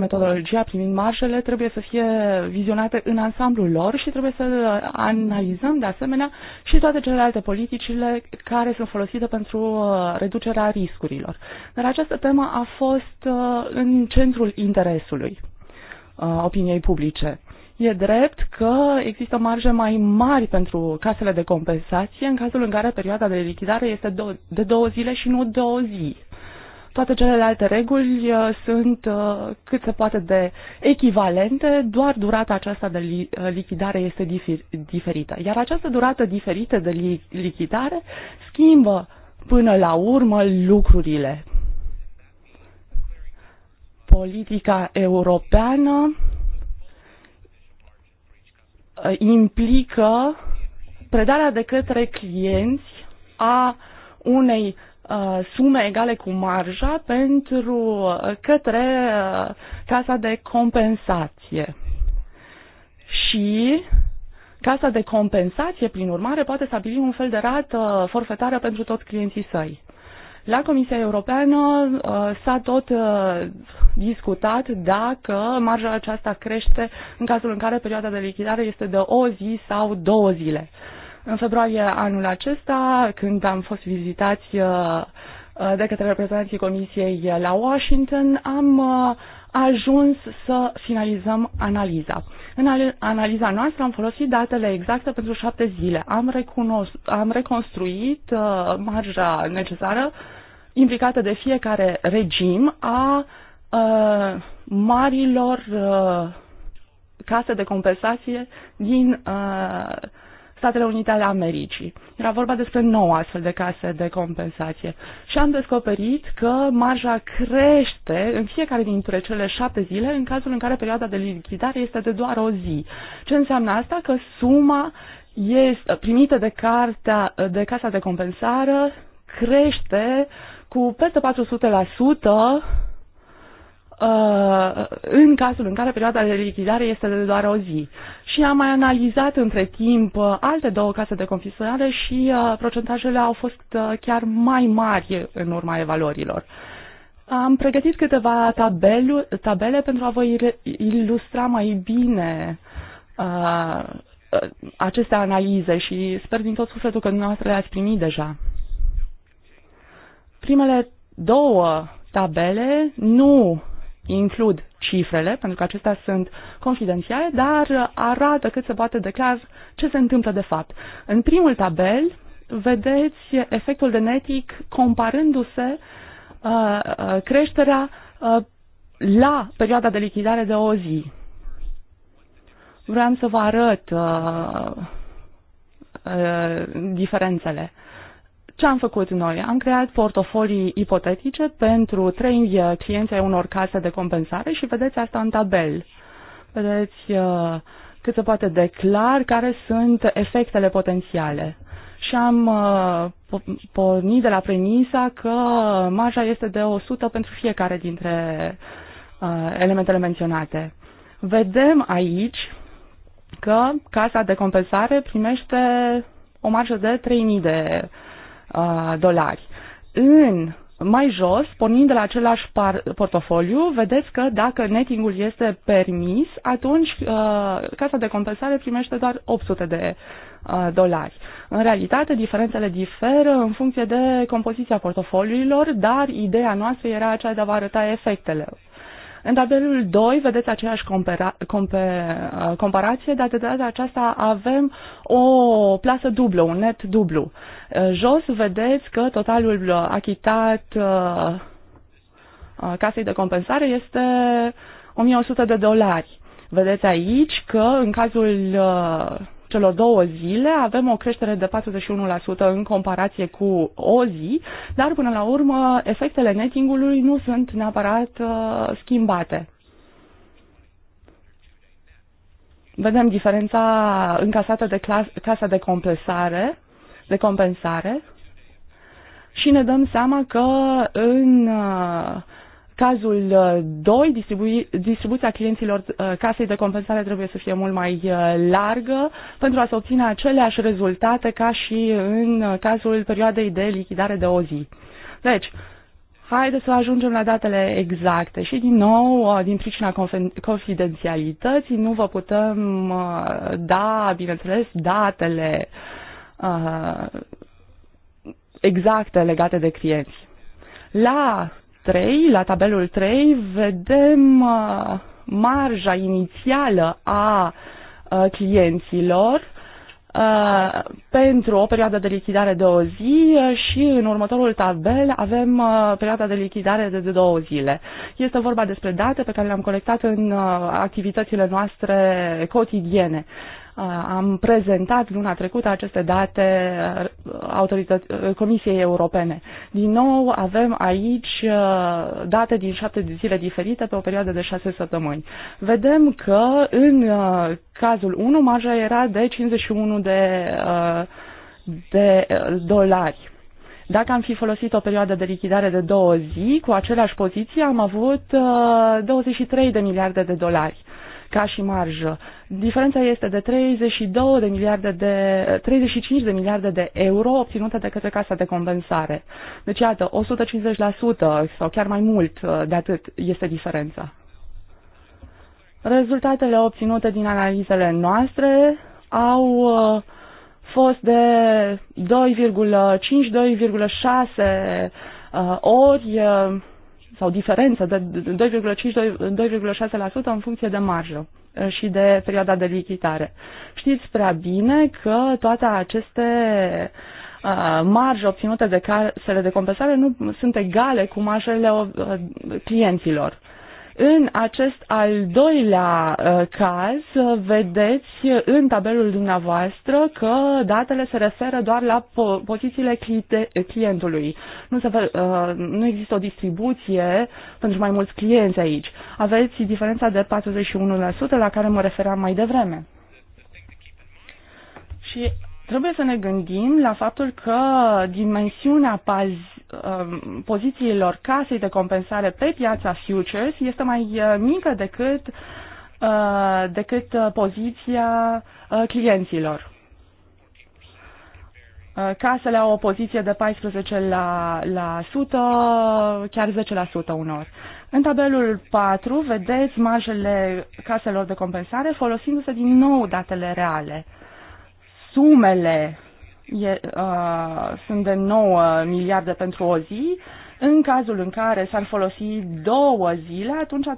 metodologia privind marșele trebuie să fie vizionate în ansamblul lor și trebuie să analizăm de asemenea și toate celelalte politicile care sunt folosite pentru uh, reducerea riscurilor. Dar această temă a fost uh, în centrul interesului uh, opiniei publice. E drept că există marje mai mari pentru casele de compensație în cazul în care perioada de lichidare este de două zile și nu două zile toate celelalte reguli uh, sunt uh, cât se poate de echivalente, doar durata aceasta de uh, lichidare este diferită. Iar această durată diferită de lichidare schimbă până la urmă lucrurile. Politica europeană implică predarea de către clienți a unei Uh, sume egale cu marja pentru uh, către uh, casa de compensație. Și casa de compensație, prin urmare, poate stabili un fel de rată forfetară pentru toți clienții săi. La Comisia Europeană s-a tot discutat dacă marja aceasta crește în cazul în care perioada de lichidare este de o zi sau două zile. În februarie anul acesta, când am fost vizitați uh, uh, de către reprezentanții Comisiei la Washington, am uh, ajuns să finalizăm analiza. În analiza noastră am folosit datele exacte pentru șapte zile. Am, recunos- am reconstruit marja necesară implicată de fiecare regim a uh, marilor case de compensație din Statele Unite ale Americii. Era vorba despre nouă astfel de case de compensație. Și am descoperit că marja crește în fiecare dintre cele șapte zile în cazul în care perioada de lichidare este de doar o zi. Ce înseamnă asta? Că suma este primită de, cartea, de casa de compensare crește cu peste Uh, în cazul în care perioada de lichidare este de doar o zi. Și am mai analizat între timp uh, alte două case de confisionare și uh, procentajele au fost chiar mai mari în urma evaluărilor. Am pregătit câteva tabelu- tabele pentru a vă ilustra mai bine uh, aceste analize și sper din tot sufletul că dumneavoastră le-ați primit deja. Primele două tabele nu includ cifrele, pentru că acestea sunt confidențiale, dar arată cât se poate declar ce se întâmplă de fapt. În primul tabel vedeți efectul genetic comparându-se uh, uh, creșterea uh, la perioada de lichidare de o zi. Vreau să vă arăt uh, uh, diferențele. Uh, ce am făcut noi? Am creat portofolii ipotetice pentru trei uh, clienți ai unor case de compensare și vedeți asta în tabel. Vedeți uh, cât se poate de clar care sunt efectele potențiale. Și am uh, pornit de la premisa că marja este de 100 pentru fiecare dintre elementele menționate. Vedem aici că casa de compensare primește o marjă de 3000 de Uh, dolari. În mai jos, pornind de la același par- portofoliu, vedeți că dacă nettingul este permis, atunci uh, casa de compensare primește doar 800 de uh, dolari. În realitate, diferențele diferă în funcție de compoziția portofoliilor, dar ideea noastră era aceea de a vă arăta efectele în tabelul 2 vedeți aceeași compara- compa- uh, comparație, dar de data aceasta avem o plasă dublă, un net dublu. Uh, jos vedeți că totalul achitat uh, casei de compensare este 1100 de dolari. Vedeți aici că în cazul celor două zile avem o creștere de 41% în comparație cu o zi, dar până la urmă efectele nettingului nu sunt neapărat uh, schimbate. Vedem diferența încasată de clas- casa de compensare, de compensare și ne dăm seama că în uh, Cazul 2, uh, distribu- distribuția clienților uh, casei de compensare trebuie să fie mult mai uh, largă pentru a se obține aceleași rezultate ca și în cazul perioadei de lichidare de o zi. Deci, haideți să ajungem la datele exacte și din nou, din pricina confidențialității, nu vă putem da, bineînțeles, datele exacte legate de clienți. La 3, la tabelul 3, vedem uh, marja inițială a uh, clienților uh, pentru o perioadă de lichidare de o zi și în următorul tabel avem perioada de lichidare de două zile. Este vorba despre date pe care le-am colectat în activitățile noastre cotidiene. Uh, am prezentat luna trecută aceste date uh, uh, Comisiei Europene. Din nou avem aici date din șapte zile diferite pe o perioadă de șase săptămâni. Vedem că în cazul 1 marja era de 51 de, de dolari. Dacă am fi folosit o perioadă de lichidare de două zi, cu aceleași poziție am avut uh, 23 de miliarde de dolari. Uh, ca și marjă. Diferența este de 32 de miliarde de 35 de miliarde de euro obținute de către Casa de Compensare. Deci iată, 150% sau chiar mai mult uh, de atât este diferența. Rezultatele obținute din analizele noastre au uh, fost de 2,5-2,6 uh, ori sau diferență de 2,5-2,6% în funcție de marjă uh, și de perioada de lichidare. Știți prea bine că toate aceste uh, marje obținute de casele de compensare nu sunt egale cu marjele uh, clienților. În acest al doilea uh, caz, uh, vedeți în tabelul dumneavoastră că datele se referă doar la po- pozițiile clientului. Nu, se, uh, nu există o distribuție pentru mai mulți clienți aici. Aveți diferența de 41% la care mă referam mai devreme. Și trebuie să ne gândim la faptul că dimensiunea paz- Um, pozițiilor casei de compensare pe piața futures este mai uh, mică decât, uh, decât uh, poziția clienților. Casele au o poziție de 14 la, la 100, chiar 10% unor. În tabelul 4 vedeți marjele caselor de compensare folosindu-se din nou datele reale. Sumele e, uh, sunt de 9 miliarde pentru o zi. În cazul în care s-ar folosi două zile, atunci uh,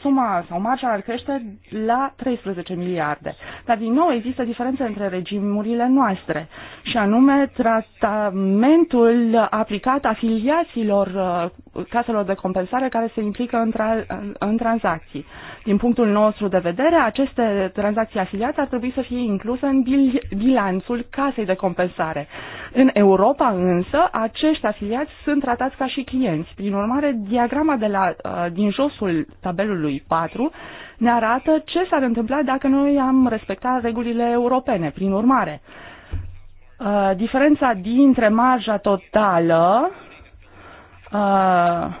suma sau marja ar crește la 13 miliarde. Dar din nou există diferențe între regimurile noastre și anume tratamentul aplicat afiliațiilor uh, caselor de compensare care se implică în, tra- în tranzacții. Din punctul nostru de vedere, aceste tranzacții afiliate ar trebui să fie incluse în bil- bilanțul casei de compensare. În Europa însă, acești afiliați sunt tratați ca și clienți. Prin urmare, diagrama de la, uh, din josul tabelului 4 ne arată ce s-ar întâmpla dacă noi am respectat regulile europene. Prin urmare, uh, diferența dintre marja totală Uh,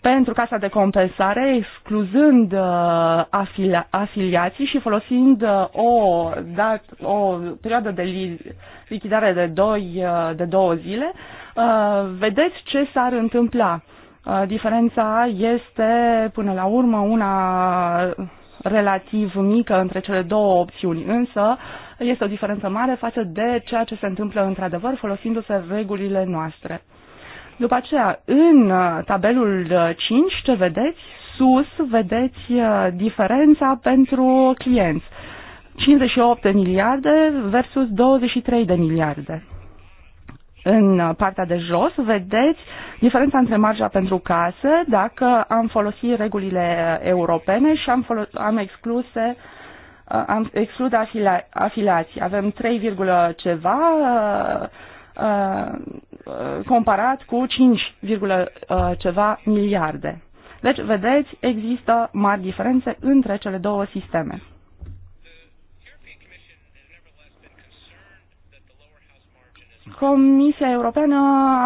pentru casa de compensare, excluzând uh, afilia- afiliații și folosind uh, o, dat, o perioadă de li- lichidare de, doi, uh, de două zile, uh, vedeți ce s-ar întâmpla. Uh, diferența este, până la urmă, una relativ mică între cele două opțiuni, însă este o diferență mare față de ceea ce se întâmplă într-adevăr folosindu-se regulile noastre. După aceea, în uh, tabelul 5, uh, ce vedeți? Sus vedeți uh, diferența pentru clienți. 58 de miliarde versus 23 de miliarde. În partea de jos vedeți diferența între marja pentru casă dacă am folosit regulile europene și am, folo- am excluse am exclus afila- afilații. Avem 3, ceva uh, uh, Uh, comparat cu 5, uh, ceva miliarde. Deci, vedeți, există mari diferențe între cele două sisteme. Comisia Europeană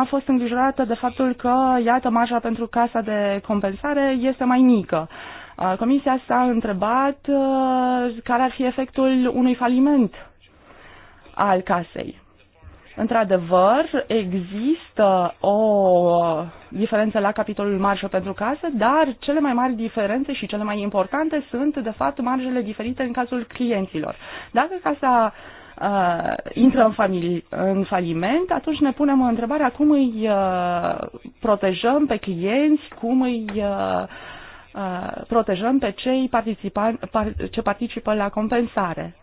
a fost îngrijorată de faptul că, iată, marja pentru casa de compensare este mai mică. Uh, comisia s-a întrebat care ar fi efectul unui faliment al casei. Într-adevăr, există o diferență la capitolul marjă pentru case, dar cele mai mari diferențe și cele mai importante sunt, de fapt, marjele diferite în cazul clienților. Dacă casa uh, intră în, familie, în faliment, atunci ne punem întrebarea cum îi uh, protejăm pe clienți, cum îi uh, uh, protejăm pe cei par, ce participă la compensare.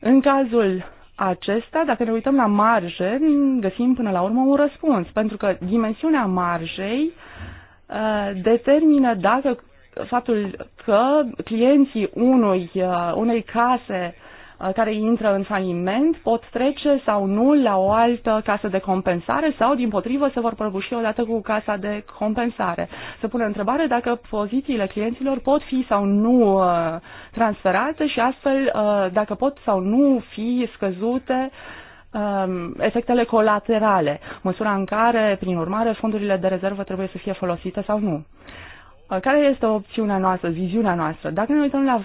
În cazul acesta, dacă ne uităm la marje, găsim până la urmă un răspuns, pentru că dimensiunea marjei uh, determină dacă faptul că clienții unui, uh, unei case uh, Uh, care intră în faliment pot trece sau nu la o altă casă de compensare sau, din potrivă, se vor prăbuși odată cu casa de compensare. Se pune întrebare dacă pozițiile clienților pot fi sau nu uh, transferate și astfel uh, dacă pot sau nu fi scăzute um, efectele colaterale, măsura în care, prin urmare, fondurile de rezervă trebuie să fie folosite sau nu. Uh, care este opțiunea noastră, viziunea noastră? Dacă ne uităm la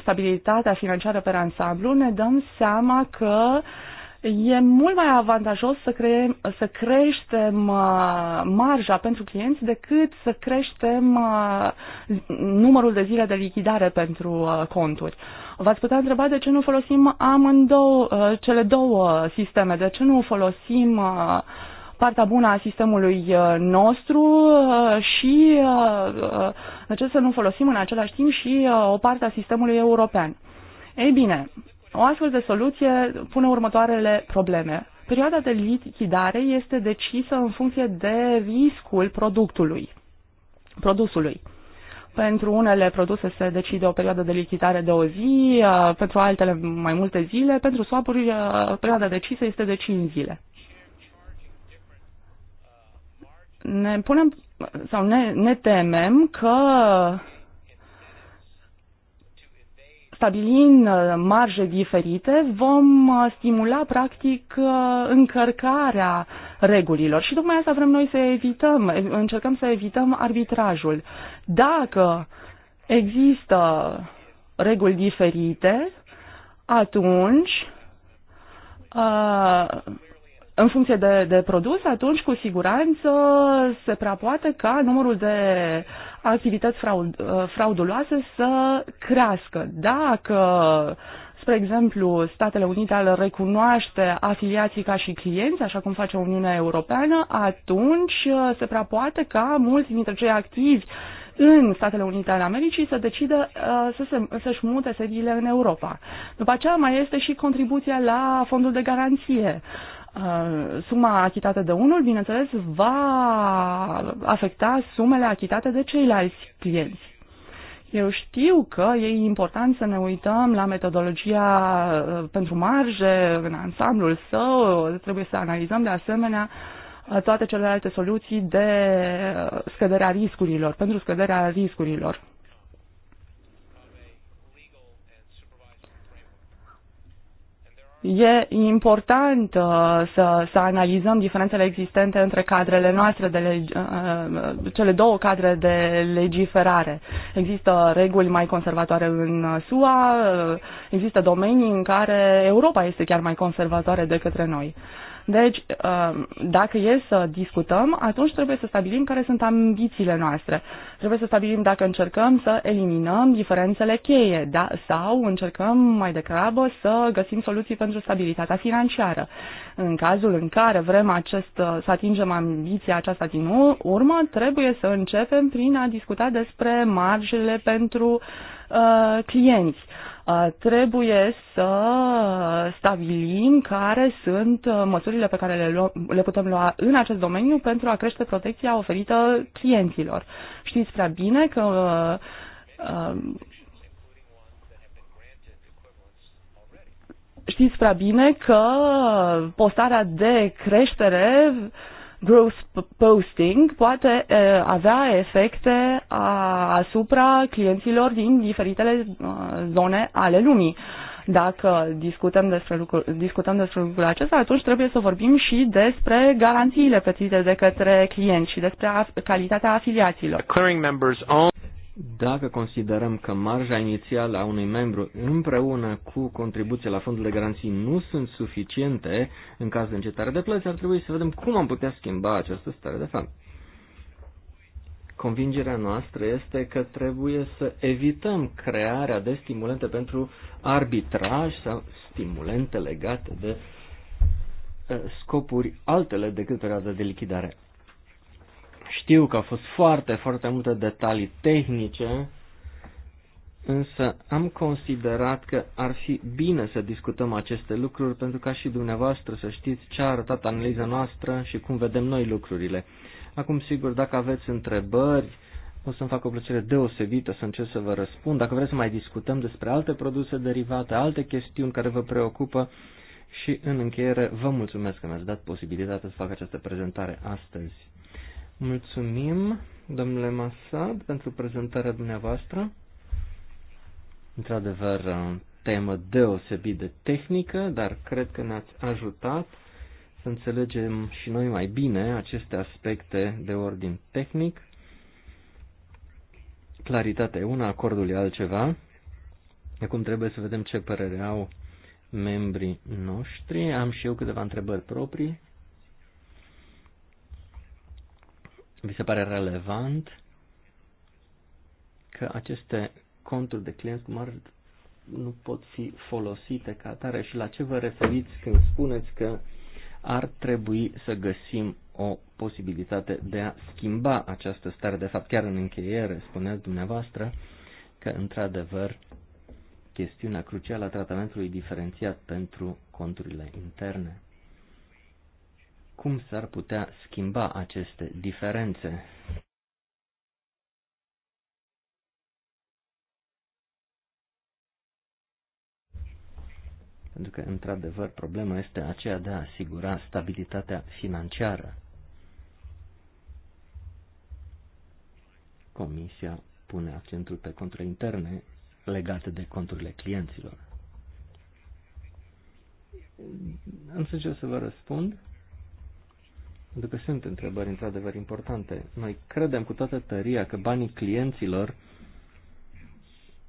stabilitatea financiară pe ansamblu, ne dăm seama că e mult mai avantajos să, cre- să creștem uh, marja pentru clienți decât să creștem uh, numărul de zile de lichidare pentru conturi. V-ați putea întreba de ce nu folosim amândouă, cele două sisteme, de ce nu folosim partea bună a sistemului uh, nostru uh, și de uh, ce să nu folosim în același timp și o parte a sistemului european. Ei bine, o astfel de soluție pune următoarele probleme. Perioada de lichidare este decisă în funcție de riscul productului, produsului. Pentru unele produse se decide o perioadă de lichidare de o zi, pentru altele mai multe zile, pentru swap perioada decisă este de 5 zile. ne punem sau ne, ne temem că stabilind marje diferite, vom stimula practic încărcarea regulilor. Și tocmai asta vrem noi să evităm, încercăm să evităm arbitrajul. Dacă există reguli diferite, atunci uh, în funcție de, de produs, atunci cu siguranță se prea poate ca numărul de activități fraud, uh, frauduloase să crească. Dacă spre exemplu, Statele Unite ar recunoaște afiliații ca și clienți, așa cum face Uniunea Europeană, atunci uh, se prea poate ca mulți dintre cei activi în Statele Unite ale Americii să decidă uh, să se, să-și mute sediile în Europa. După aceea mai este și contribuția la fondul de garanție. Uh, Uh, suma achitată de unul, bineînțeles, va afecta sumele achitate de ceilalți clienți. Eu știu că e important să ne uităm la metodologia uh, pentru marge în ansamblul său, trebuie să analizăm de asemenea uh, toate celelalte soluții de scăderea riscurilor, pentru scăderea riscurilor. E important uh, să, să analizăm diferențele existente între cadrele noastre, de legi, uh, uh, cele două cadre de legiferare. Există reguli mai conservatoare în SUA, există domenii în care Europa este chiar mai conservatoare decât noi. Deci, uh, dacă e să discutăm, atunci trebuie să stabilim care sunt ambițiile noastre. Trebuie să stabilim dacă încercăm să eliminăm diferențele cheie da, sau încercăm mai degrabă să găsim soluții pentru stabilitatea financiară. În cazul în care vrem acest, uh, să atingem ambiția aceasta din urmă, trebuie să începem prin a discuta despre marjele pentru uh, clienți. Uh, Trebuie să stabilim care sunt uh, măsurile pe care le, luăm, le putem lua în acest domeniu pentru a crește protecția oferită clienților. Știți prea bine că uh, uh, știți prea bine că postarea de creștere uh, growth posting poate avea efecte asupra clienților din diferitele zone ale lumii. Dacă discutăm despre, lucru, discutăm despre lucrul acesta, atunci trebuie să vorbim și despre garanțiile plătite de către clienți și despre af- calitatea afiliațiilor. Dacă considerăm că marja inițială a unui membru împreună cu contribuția la fondul de garanții nu sunt suficiente în caz de încetare de plăți, ar trebui să vedem cum am putea schimba această stare de fapt. Convingerea noastră este că trebuie să evităm crearea de stimulente pentru arbitraj sau stimulente legate de eh, scopuri altele decât perioada de lichidare. Știu că au fost foarte, foarte multe detalii tehnice, însă am considerat că ar fi bine să discutăm aceste lucruri pentru ca și dumneavoastră să știți ce a arătat analiza noastră și cum vedem noi lucrurile. Acum, sigur, dacă aveți întrebări, o să-mi fac o plăcere deosebită să încerc să vă răspund. Dacă vreți să mai discutăm despre alte produse derivate, alte chestiuni care vă preocupă și, în încheiere, vă mulțumesc că mi-ați dat posibilitatea să fac această prezentare astăzi. Mulțumim, domnule Masad, pentru prezentarea dumneavoastră. Într-adevăr, o temă deosebit de tehnică, dar cred că ne-ați ajutat să înțelegem și noi mai bine aceste aspecte de ordin tehnic. Claritatea e una, acordul e altceva. Acum trebuie să vedem ce părere au membrii noștri. Am și eu câteva întrebări proprii. vi se pare relevant că aceste conturi de clienți cu mari nu pot fi folosite ca atare și la ce vă referiți când spuneți că ar trebui să găsim o posibilitate de a schimba această stare. De fapt, chiar în încheiere spuneați dumneavoastră că, într-adevăr, chestiunea crucială a tratamentului diferențiat pentru conturile interne cum s-ar putea schimba aceste diferențe. Pentru că, într-adevăr, problema este aceea de a asigura stabilitatea financiară. Comisia pune accentul pe conturile interne legate de conturile clienților. Însă ce o să vă răspund? pentru că sunt întrebări într-adevăr importante. Noi credem cu toată tăria că banii clienților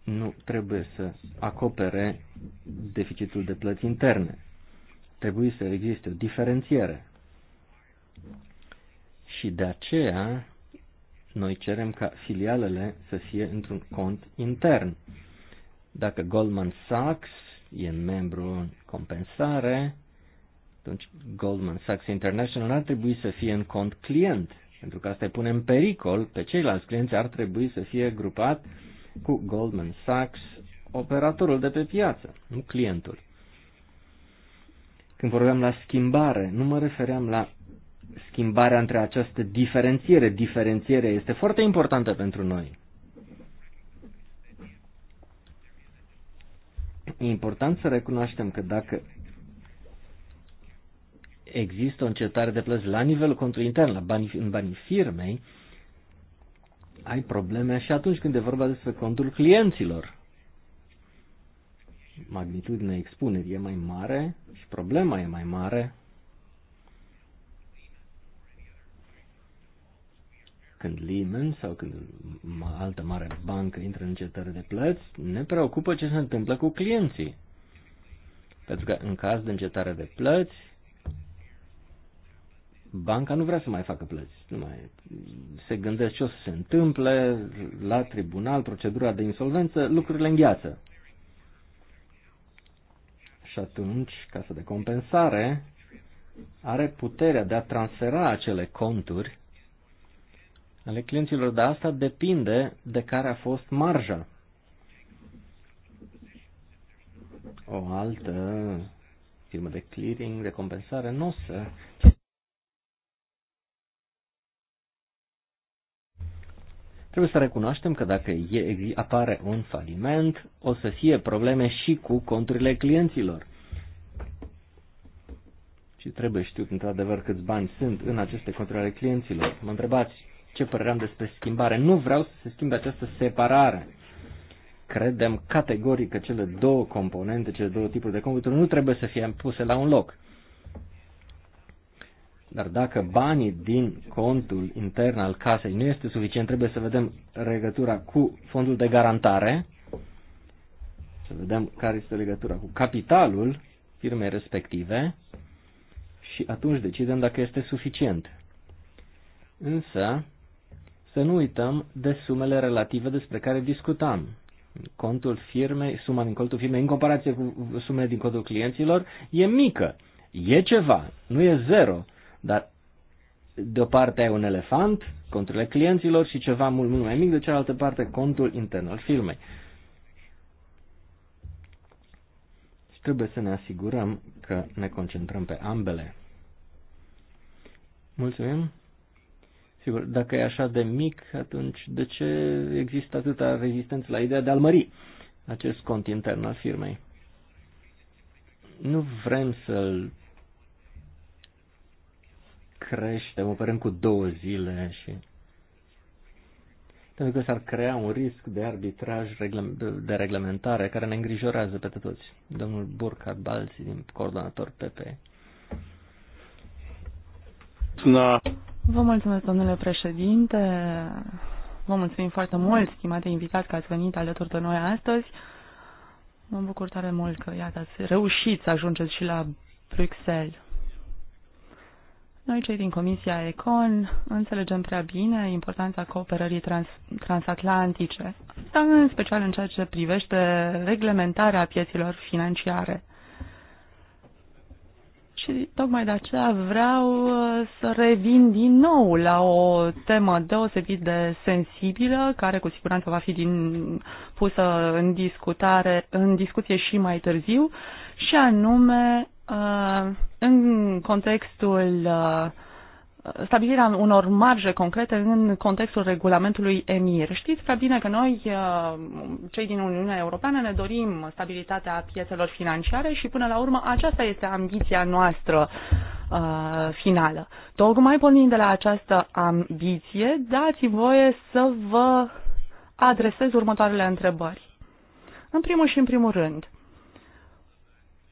nu trebuie să acopere deficitul de plăți interne. Trebuie să existe o diferențiere. Și de aceea noi cerem ca filialele să fie într-un cont intern. Dacă Goldman Sachs e membru în compensare, atunci Goldman Sachs International ar trebui să fie în cont client, pentru că asta îi pune în pericol pe ceilalți clienți, ar trebui să fie grupat cu Goldman Sachs, operatorul de pe piață, nu clientul. Când vorbeam la schimbare, nu mă refeream la schimbarea între această diferențiere. Diferențierea este foarte importantă pentru noi. E important să recunoaștem că dacă există o încetare de plăți la nivelul contului intern, la banii, în banii firmei, ai probleme și atunci când e vorba despre contul clienților. Magnitudinea expunerii e mai mare și problema e mai mare. Când Lehman sau când altă mare bancă intră în încetare de plăți, ne preocupă ce se întâmplă cu clienții. Pentru că în caz de încetare de plăți, banca nu vrea să mai facă plăți. Nu mai se gândesc ce o să se întâmple la tribunal, procedura de insolvență, lucrurile îngheață. Și atunci, casa de compensare are puterea de a transfera acele conturi ale clienților, dar de asta depinde de care a fost marja. O altă firmă de clearing, de compensare, nu o să Trebuie să recunoaștem că dacă apare un faliment, o să fie probleme și cu conturile clienților. Și trebuie știut într-adevăr câți bani sunt în aceste conturi ale clienților. Mă întrebați ce părere am despre schimbare. Nu vreau să se schimbe această separare. Credem categoric că cele două componente, cele două tipuri de conturi nu trebuie să fie puse la un loc. Dar dacă banii din contul intern al casei nu este suficient, trebuie să vedem legătura cu fondul de garantare, să vedem care este legătura cu capitalul firmei respective și atunci decidem dacă este suficient. Însă, să nu uităm de sumele relative despre care discutam. Contul firmei, suma din contul firmei, în comparație cu sumele din contul clienților, e mică, e ceva, nu e zero, dar de o parte ai un elefant, conturile clienților și ceva mult, mult mai mic, de cealaltă parte contul intern al firmei. Și trebuie să ne asigurăm că ne concentrăm pe ambele. Mulțumim. Sigur, dacă e așa de mic, atunci de ce există atâta rezistență la ideea de a-l mări acest cont intern al firmei? Nu vrem să-l crește, operăm cu două zile și pentru că s-ar crea un risc de arbitraj, de reglementare, care ne îngrijorează pe toți. Domnul Burkhard Balți, din coordonator PP. Da. Vă mulțumesc, domnule președinte. Vă mulțumim foarte mult, stimate invitat, că ați venit alături de noi astăzi. Mă bucur tare mult că, iată, ați reușit să ajungeți și la Bruxelles. Noi, cei din Comisia Econ, înțelegem prea bine importanța cooperării trans transatlantice, dar în special în ceea ce privește reglementarea pieților financiare. Și tocmai de aceea vreau uh, să revin din nou la o temă deosebit de sensibilă, care cu siguranță va fi din, pusă în, discutare, în discuție și mai târziu, și anume Uh, în contextul uh, stabilirea unor marje concrete în contextul regulamentului EMIR. Știți prea bine că noi, uh, cei din Uniunea Europeană, ne dorim stabilitatea piețelor financiare și până la urmă aceasta este ambiția noastră uh, finală. Tocmai pornind de la această ambiție, dați voie să vă adresez următoarele întrebări. În primul și în primul rând,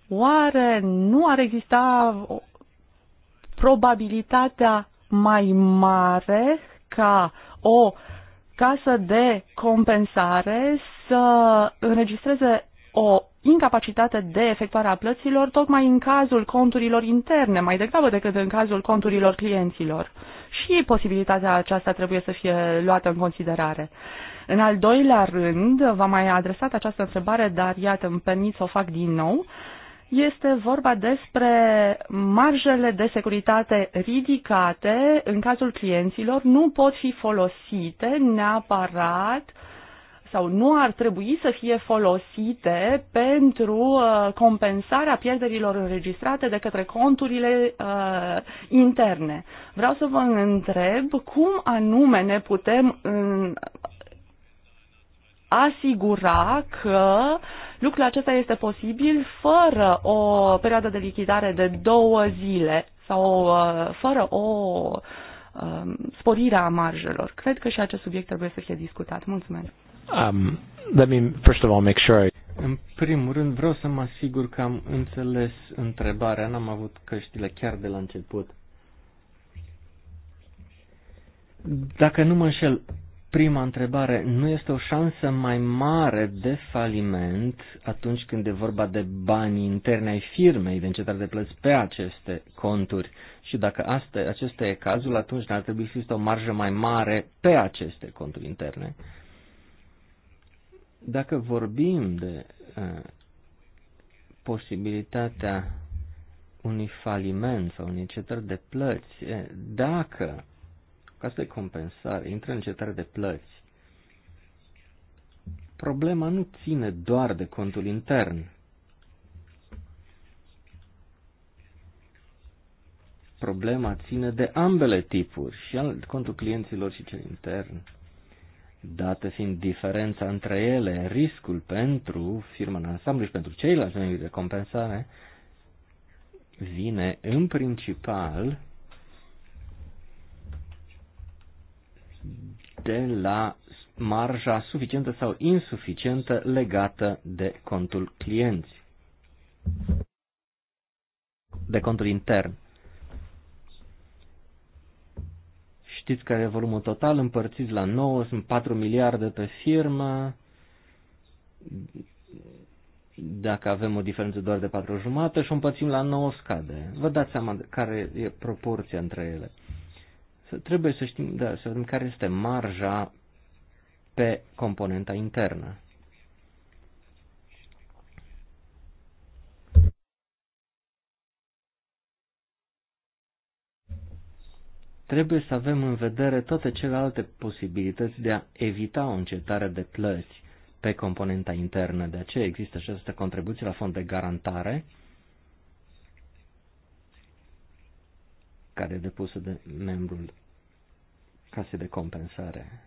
Oare nu ar exista probabilitatea mai mare ca o casă de compensare să înregistreze o incapacitate de efectuare a plăților tocmai în cazul conturilor interne, mai degrabă decât în cazul conturilor clienților. Și posibilitatea aceasta trebuie să fie luată în considerare. În al doilea rând, v-am mai adresat această întrebare, dar iată, îmi permit să o fac din nou. Uh, este vorba despre marjele de securitate ridicate în cazul clienților nu pot fi folosite neapărat sau nu ar trebui să fie folosite pentru uh, compensarea pierderilor înregistrate de către conturile uh, interne. Vreau să vă întreb cum anume ne putem în, asigura că Lucrul acesta este posibil fără o perioadă de lichidare de două zile sau uh, fără o um, sporire a marjelor. Cred că și acest subiect trebuie să fie discutat. Mulțumesc. Um, let me first of all make sure I... În primul rând vreau să mă asigur că am înțeles întrebarea, n-am avut căștile chiar de la început. Dacă nu mă înșel, prima întrebare, nu este o șansă mai mare de faliment atunci când e vorba de bani interne ai firmei, de încetare de plăți pe aceste conturi? Și dacă asta, acesta e cazul, atunci ar trebui să există o marjă mai mare pe aceste conturi interne. Dacă vorbim de uh, posibilitatea unui faliment sau unei cetări de plăți, eh, dacă să-i compensare, intră în cetare de plăți, problema nu ține doar de contul intern. Problema ține de ambele tipuri, și al contul clienților și cel intern. Date fiind diferența între ele, riscul pentru firma în ansamblu și pentru ceilalți membri de compensare vine în principal de la marja suficientă sau insuficientă legată de contul clienți, de contul intern. Știți care e volumul total împărțit la 9, sunt 4 miliarde pe firmă. Dacă avem o diferență doar de jumate și o împărțim la 9 scade. Vă dați seama care e proporția între ele trebuie să știm, da, să vedem care este marja pe componenta internă. Trebuie să avem în vedere toate celelalte posibilități de a evita o încetare de plăți pe componenta internă. De aceea există această contribuție la fond de garantare, care e depusă de membrul casei de compensare.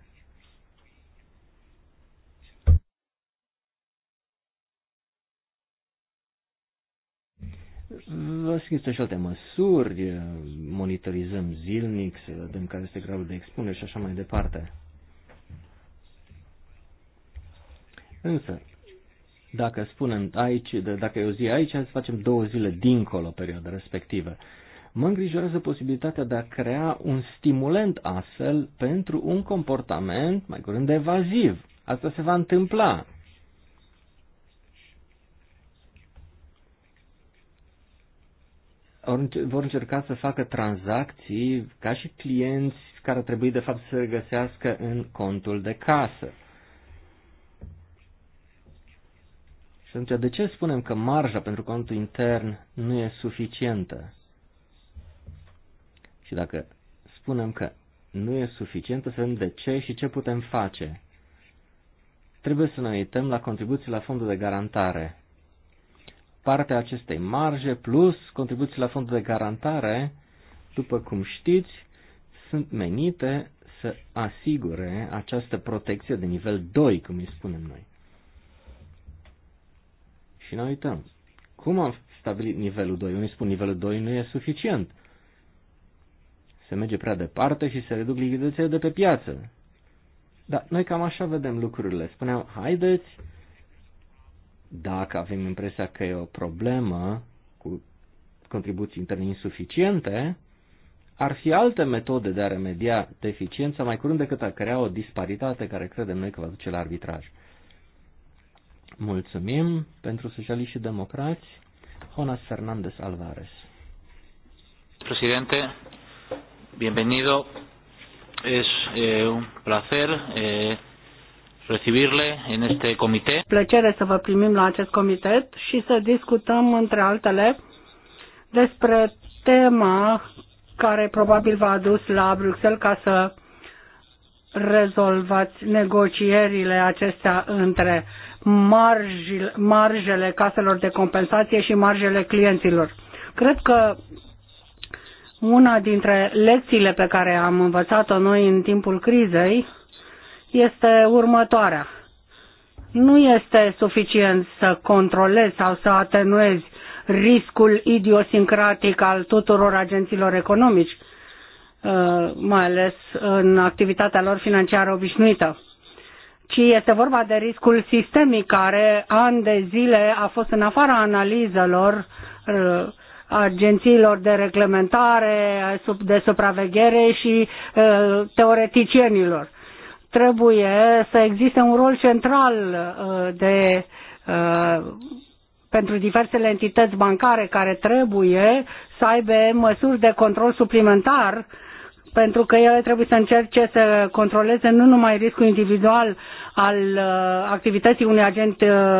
Vă există și alte măsuri, monitorizăm zilnic, să vedem care este gradul de expunere și așa mai departe. Însă, dacă spunem aici, dacă e o zi aici, să facem două zile dincolo perioada respectivă mă îngrijorează posibilitatea de a crea un stimulent astfel pentru un comportament mai curând evaziv. Asta se va întâmpla. Vor încerca să facă tranzacții ca și clienți care trebuie de fapt să se găsească în contul de casă. Și atunci, de ce spunem că marja pentru contul intern nu e suficientă? Și dacă spunem că nu e suficient, să vedem de ce și ce putem face. Trebuie să ne uităm la contribuții la fondul de garantare. Partea acestei marje plus contribuții la fondul de garantare, după cum știți, sunt menite să asigure această protecție de nivel 2, cum îi spunem noi. Și ne uităm. Cum am stabilit nivelul 2? Unii spun nivelul 2 nu e suficient se merge prea departe și se reduc lichiditățile de pe piață. Dar noi cam așa vedem lucrurile. Spuneam, haideți, dacă avem impresia că e o problemă cu contribuții interne insuficiente, ar fi alte metode de a remedia deficiența mai curând decât a crea o disparitate care credem noi că va duce la arbitraj. Mulțumim pentru socialiști și democrați. Jonas Fernandez Alvarez. Președinte, bienvenido. Es eh, un placer eh, recibirle în este comitet. Plăcere să vă primim la acest comitet și să discutăm, între altele, despre tema care probabil v-a adus la Bruxelles ca să rezolvați negocierile acestea între marjile, marjele caselor de compensație și marjele clienților. Cred că una dintre lecțiile pe care am învățat-o noi în timpul crizei este următoarea. Nu este suficient să controlezi sau să atenuezi riscul idiosincratic al tuturor agenților economici, uh, mai ales în activitatea lor financiară obișnuită, ci este vorba de riscul sistemic care ani de zile a fost în afara analizelor uh, agențiilor de reglementare, de supraveghere și uh, teoreticienilor. Trebuie să existe un rol central uh, de uh, pentru diversele entități bancare care trebuie să aibă măsuri de control suplimentar pentru că ele trebuie să încerce să controleze nu numai riscul individual al activității unui agent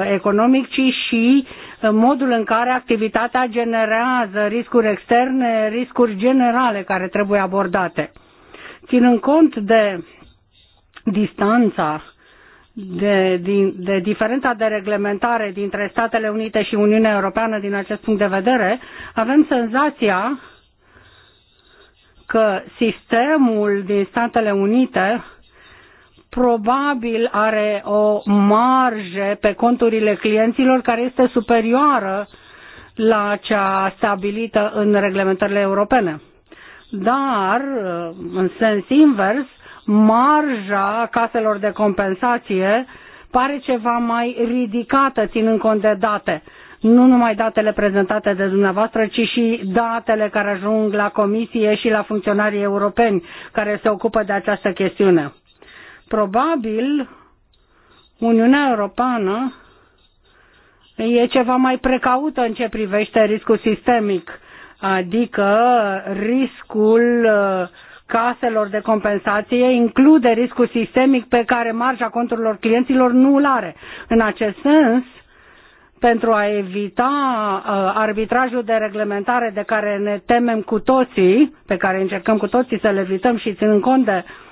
economic, ci și modul în care activitatea generează riscuri externe, riscuri generale care trebuie abordate. Ținând cont de distanța de, din, de diferența de reglementare dintre Statele Unite și Uniunea Europeană din acest punct de vedere, avem senzația că sistemul din Statele Unite probabil are o marjă pe conturile clienților care este superioară la cea stabilită în reglementările europene. Dar, în sens invers, marja caselor de compensație pare ceva mai ridicată, ținând cont de date. Nu numai datele prezentate de dumneavoastră, ci și datele care ajung la comisie și la funcționarii europeni care se ocupă de această chestiune. Probabil Uniunea Europeană e ceva mai precaută în ce privește riscul sistemic, adică riscul uh, caselor de compensație include riscul sistemic pe care marja conturilor clienților nu îl are. În acest sens, pentru a evita uh, arbitrajul de reglementare de care ne temem cu toții, pe care încercăm cu toții să le evităm și ținând cont de uh,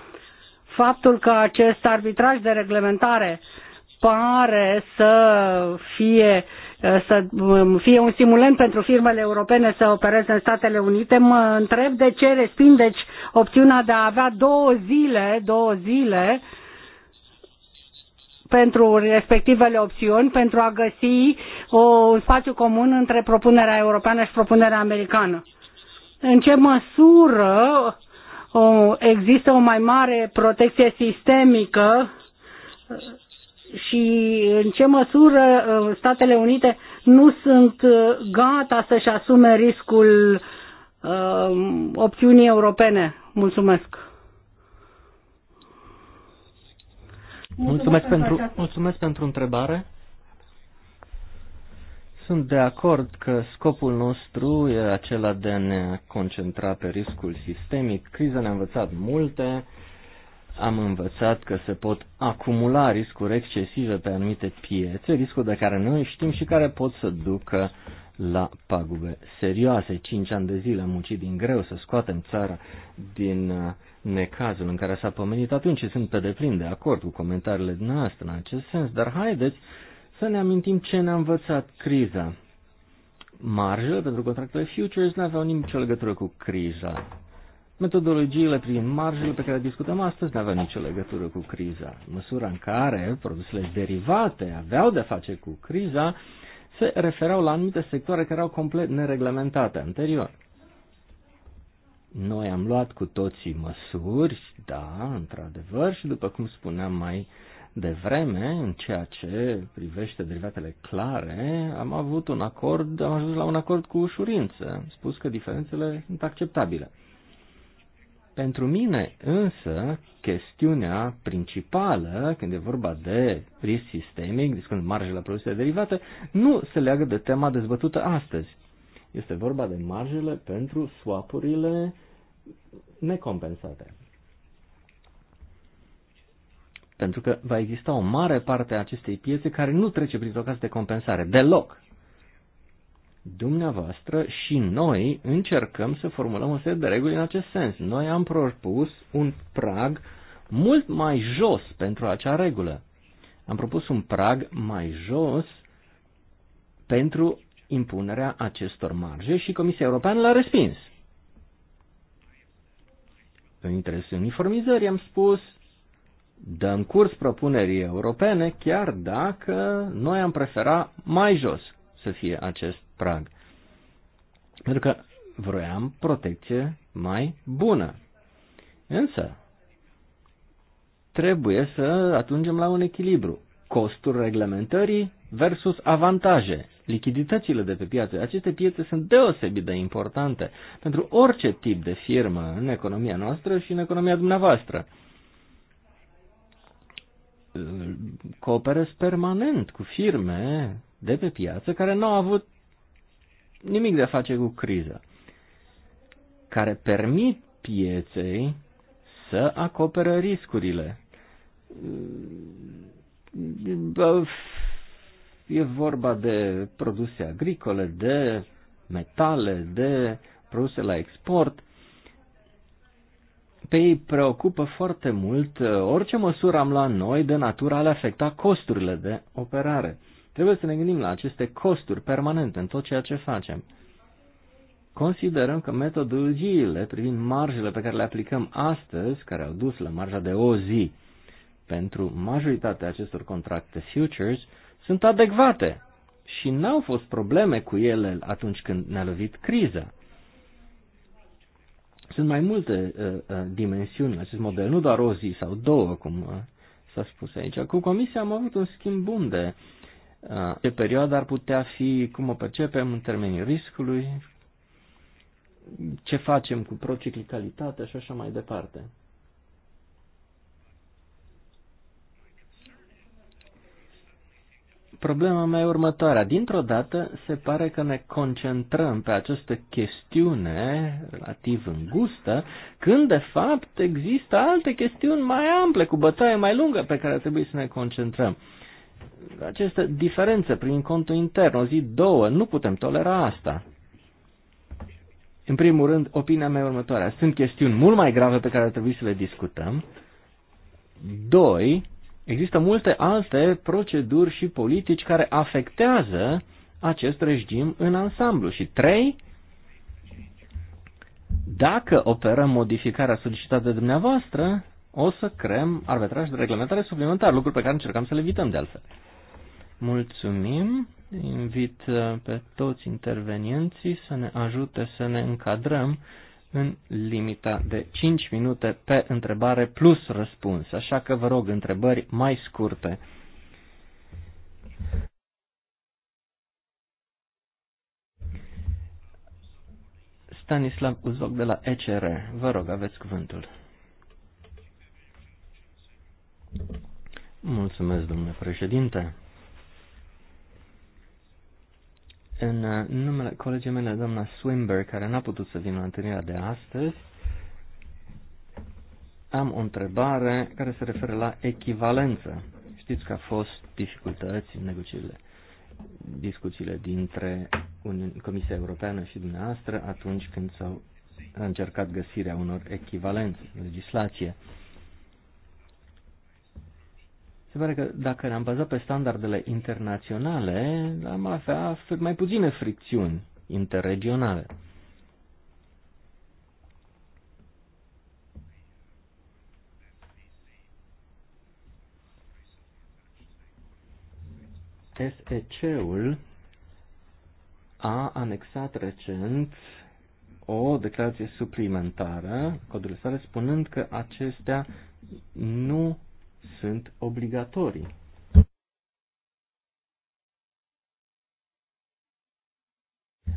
faptul că acest arbitraj de reglementare pare să fie, să um, fie un stimulant pentru firmele europene să opereze în Statele Unite, mă întreb de ce deci, opțiunea de a avea două zile, două zile pentru respectivele opțiuni, pentru a găsi un spațiu comun între propunerea europeană și propunerea americană. În ce măsură o, există o mai mare protecție sistemică și în ce măsură ă, Statele Unite nu sunt ă, gata să-și asume riscul uh, opțiunii europene. Mulțumesc. Mulțumesc, mulțumesc pentru, mulțumesc pentru întrebare. Sunt de acord că scopul nostru e acela de a ne concentra pe riscul sistemic. Criza ne-a învățat multe. Am învățat că se pot acumula riscuri excesive pe anumite piețe, riscuri de care noi știm și care pot să ducă la pagube serioase. Cinci ani de zile am muncit din greu să scoatem țara din uh, necazul în care s-a pomenit atunci și sunt pe deplin de acord cu comentariile noastre în acest sens, dar haideți să ne amintim ce ne-a învățat criza. Marjele pentru contractele futures nu aveau nicio legătură cu criza. Metodologiile prin marjele pe care le discutăm astăzi nu aveau nicio legătură cu criza. Măsura în care produsele derivate aveau de face cu criza, se refereau la anumite sectoare care erau complet nereglementate anterior. Noi am luat cu toții măsuri, da, într-adevăr, și după cum spuneam mai de vreme în ceea ce privește derivatele clare, am avut un acord, am ajuns la un acord cu ușurință. Am spus că diferențele sunt acceptabile. Pentru mine însă, chestiunea principală, când e vorba de risc sistemic, discutând marjele la produse derivate, nu se leagă de tema dezbătută astăzi. Este vorba de marjele pentru swapurile necompensate. Pentru că va exista o mare parte a acestei piețe care nu trece prin o casă de compensare, deloc. Dumneavoastră și noi încercăm să formulăm o serie de reguli în acest sens. Noi am propus un prag mult mai jos pentru acea regulă. Am propus un prag mai jos pentru impunerea acestor marje și Comisia Europeană l-a respins. În interesul uniformizării am spus, dăm curs propunerii europene, chiar dacă noi am prefera mai jos să fie acest prag. Pentru că vroiam protecție mai bună. Însă, trebuie să atungem la un echilibru. Costul reglementării versus avantaje, lichiditățile de pe piață. Aceste piețe sunt deosebit de importante pentru orice tip de firmă în economia noastră și în economia dumneavoastră cooperez permanent cu firme de pe piață care nu au avut nimic de a face cu criza, care permit pieței să acopere riscurile. E vorba de produse agricole, de metale, de produse la export pe ei preocupă foarte mult uh, orice măsură am luat noi de natura ale afecta costurile de operare. Trebuie să ne gândim la aceste costuri permanente în tot ceea ce facem. Considerăm că metodologiile privind marjele pe care le aplicăm astăzi, care au dus la marja de o zi pentru majoritatea acestor contracte futures, sunt adecvate și n-au fost probleme cu ele atunci când ne-a lovit criza. Sunt mai multe uh, uh, dimensiuni în acest model, nu doar o zi sau două, cum uh, s-a spus aici. Cu Comisia am avut un schimb bun de uh, ce perioadă ar putea fi, cum o percepem în termenii riscului, ce facem cu prociclicalitate și așa mai departe. Problema mea e următoarea. Dintr-o dată se pare că ne concentrăm pe această chestiune relativ îngustă, când de fapt există alte chestiuni mai ample, cu bătaie mai lungă, pe care trebuie să ne concentrăm. Această diferență prin contul intern, o zi, două, nu putem tolera asta. În primul rând, opinia mea următoarea. Sunt chestiuni mult mai grave pe care trebuie să le discutăm. Doi, Există multe alte proceduri și politici care afectează acest regim în ansamblu. Și trei, dacă operăm modificarea solicitată de dumneavoastră, o să creăm arbitraj de reglementare suplimentar, lucruri pe care încercam să le evităm de altfel. Mulțumim. Invit uh, pe toți intervenienții să ne ajute să ne încadrăm în limita de 5 minute pe întrebare plus răspuns, așa că vă rog întrebări mai scurte. Stanislav Uzoc de la ECR, vă rog, aveți cuvântul. Mulțumesc, domnule președinte. Uh, în numele colegii mele, doamna Swimber, care n-a putut să vină la întâlnirea de astăzi, am o întrebare care se referă la echivalență. Știți că a fost dificultăți în negocierile, discuțiile dintre Comisia Europeană și dumneavoastră atunci când s-au încercat găsirea unor echivalențe în legislație. Uh, se pare că dacă ne-am bazat pe standardele internaționale, am avea mai puține fricțiuni interregionale. SEC-ul a anexat recent o declarație suplimentară, codurile sale, spunând că acestea nu sunt obligatorii.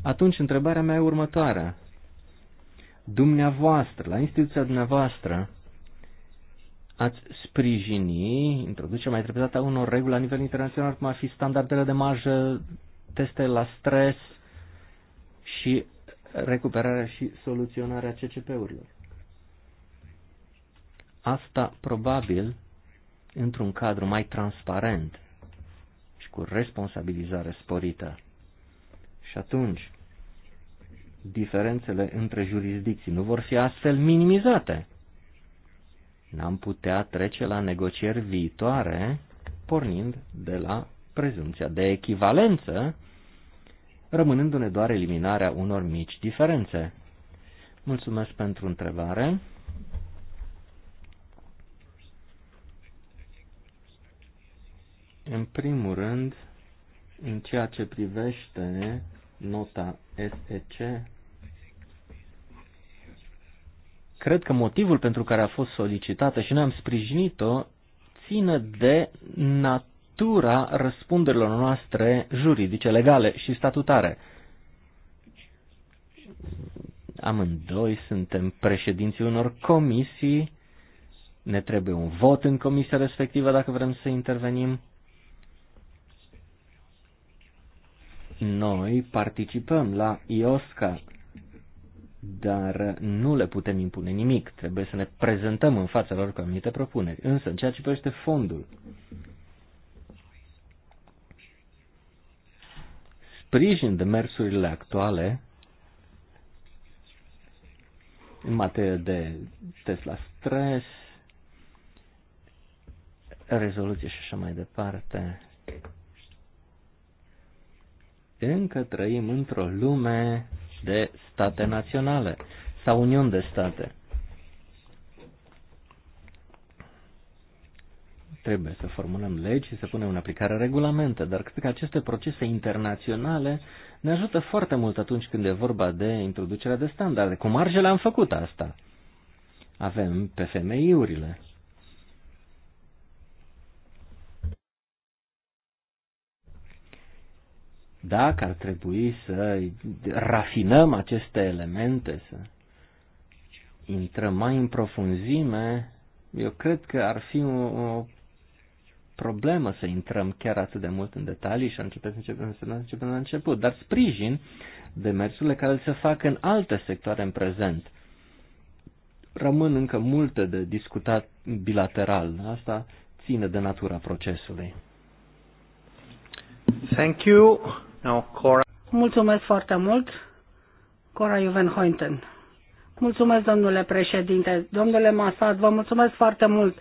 Atunci, întrebarea mea e următoarea. Dumneavoastră, la instituția dumneavoastră, ați sprijini introducerea mai treptată a unor reguli la nivel internațional, cum ar fi standardele de marjă, teste la stres și recuperarea și soluționarea CCP-urilor. Asta probabil într-un cadru mai transparent și cu responsabilizare sporită. Și atunci, diferențele între jurisdicții nu vor fi astfel minimizate. N-am putea trece la negocieri viitoare pornind de la prezumția de echivalență, rămânându-ne doar eliminarea unor mici diferențe. Mulțumesc pentru întrebare. În primul rând, în ceea ce privește nota SEC, cred că motivul pentru care a fost solicitată și noi am sprijinit-o ține de natura răspunderilor noastre juridice, legale și statutare. Amândoi suntem președinții unor comisii, ne trebuie un vot în comisia respectivă dacă vrem să intervenim. Noi participăm la IOSCA, dar nu le putem impune nimic. Trebuie să ne prezentăm în fața lor cu anumite propuneri. Însă, în ceea ce privește fondul, sprijin demersurile actuale în materie de test la stres, rezoluție și așa mai departe încă trăim într-o lume de state naționale sau uniuni de state. Trebuie să formulăm legi și să punem în aplicare regulamente, dar cred că aceste procese internaționale ne ajută foarte mult atunci când e vorba de introducerea de standarde. Cu marjele am făcut asta. Avem pe femeiurile Dacă ar trebui să rafinăm aceste elemente, să intrăm mai în profunzime, eu cred că ar fi o, o problemă să intrăm chiar atât de mult în detalii și să începem, începem, începem, începem la început, dar sprijin demersurile care se fac în alte sectoare în prezent. Rămân încă multe de discutat bilateral. Asta ține de natura procesului. Thank you. Now, Cora. Mulțumesc foarte mult, Cora Juvenhointen. Mulțumesc, domnule președinte. Domnule Masad, vă mulțumesc foarte mult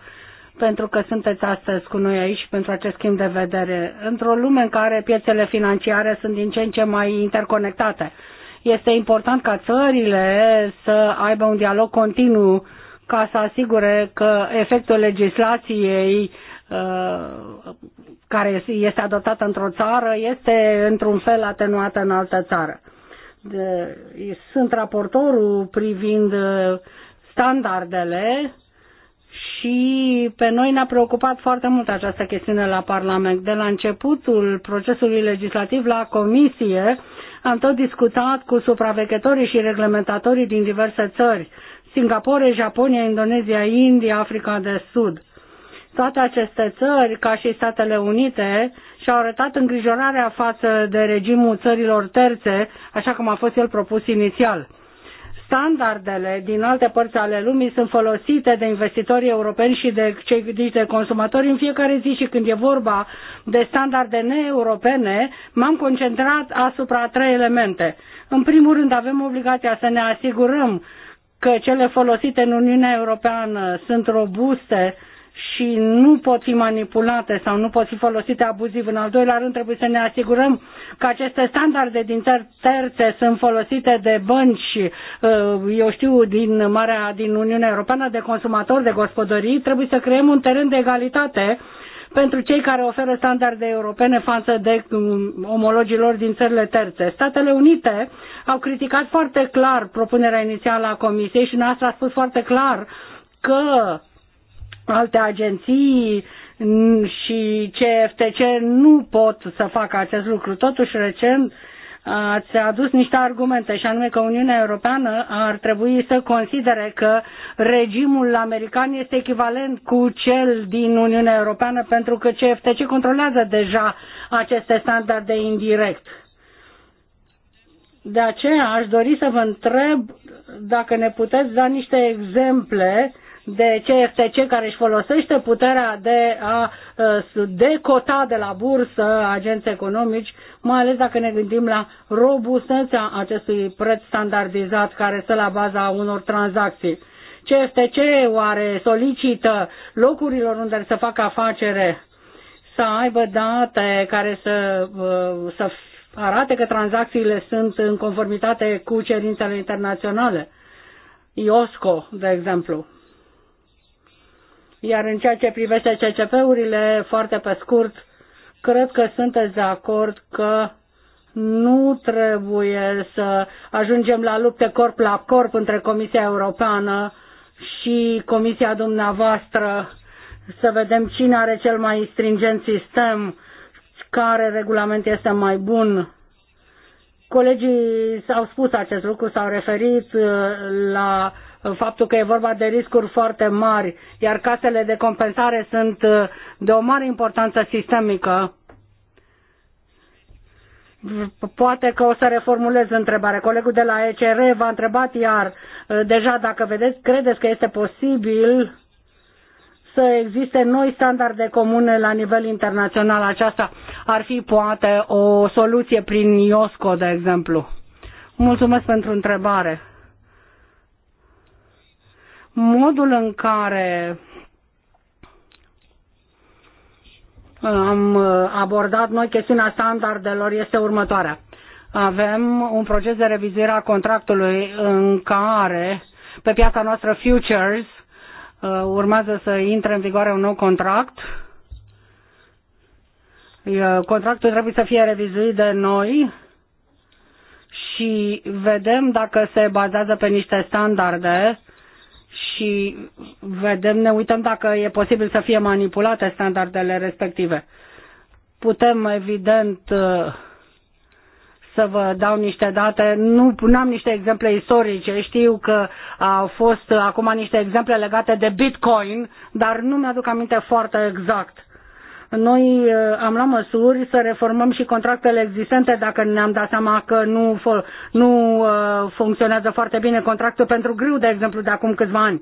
pentru că sunteți astăzi cu noi aici pentru acest schimb de vedere. Într-o lume în care piețele financiare sunt din ce în ce mai interconectate, este important ca țările să aibă un dialog continuu ca să asigure că efectul legislației uh, care este adoptată într-o țară este într-un fel atenuată în altă țară. De, sunt raportorul privind uh, standardele și pe noi ne-a preocupat foarte mult această chestiune la Parlament. De la începutul procesului legislativ la Comisie am tot discutat cu supraveghetorii și reglementatorii din diverse țări, Singapore, Japonia, Indonezia, India, Africa de Sud. Toate aceste țări, ca și Statele Unite, și-au arătat îngrijorarea față de regimul țărilor terțe, așa cum a fost el propus inițial. Standardele din alte părți ale lumii sunt folosite de investitorii europeni și de cei gândiți de consumatori în fiecare zi și când e vorba de standarde neeuropene, m-am concentrat asupra trei elemente. În primul rând avem obligația să ne asigurăm că cele folosite în Uniunea Europeană sunt robuste și nu pot fi manipulate sau nu pot fi folosite abuziv. În al doilea rând trebuie să ne asigurăm că aceste standarde din terțe sunt folosite de bănci, uh, eu știu, din Marea, din Uniunea Europeană, de consumatori, de gospodării. Trebuie să creăm un teren de egalitate pentru cei care oferă standarde europene față de um, omologilor din țările terțe. Statele Unite au criticat foarte clar propunerea inițială a Comisiei și noastră a spus foarte clar că alte agenții și CFTC nu pot să facă acest lucru. Totuși, recent ați adus niște argumente și anume că Uniunea Europeană ar trebui să considere că regimul american este echivalent cu cel din Uniunea Europeană pentru că CFTC controlează deja aceste standarde indirect. De aceea aș dori să vă întreb dacă ne puteți da niște exemple uh, de CFTC care își folosește puterea de a ă, decota de la bursă agenți economici, mai ales dacă ne gândim la robustețea acestui preț standardizat care stă la baza unor tranzacții. CFTC oare solicită locurilor unde să facă afacere să aibă date care să, ă, să arate că tranzacțiile sunt în conformitate cu cerințele internaționale. IOSCO, de exemplu. Iar în ceea ce privește CCP-urile, foarte pe scurt, cred că sunteți de acord că nu trebuie să ajungem la lupte corp la corp între Comisia Europeană și Comisia dumneavoastră să vedem cine are cel mai stringent sistem, care regulament este mai bun. Colegii s-au spus acest lucru, s-au referit uh, la uh, faptul că e vorba de riscuri foarte mari, iar casele de compensare sunt uh, de o mare importanță sistemică. Poate că o să reformulez întrebarea. Colegul de la ECR v-a întrebat iar uh, deja dacă vedeți, credeți că este posibil să existe noi standarde comune la nivel internațional. Aceasta ar fi poate o soluție prin IOSCO, de exemplu. Mulțumesc pentru întrebare modul în care am uh, abordat noi chestiunea standardelor este următoarea. Avem un proces de revizuire a contractului în care pe piața noastră futures uh, urmează să intre în vigoare un nou contract. Uh, contractul trebuie să fie revizuit de noi și vedem dacă se bazează pe niște standarde și vedem, ne uităm dacă e posibil să fie manipulate standardele respective. Putem, evident, uh, să vă dau niște date. Nu am niște exemple istorice. Știu că au fost acum niște exemple legate de Bitcoin, dar nu mi-aduc aminte foarte exact. Noi eh, am luat măsuri să reformăm și contractele existente dacă ne-am dat seama că nu, nu eh, funcționează foarte bine contractul pentru griu, de exemplu, de acum câțiva ani.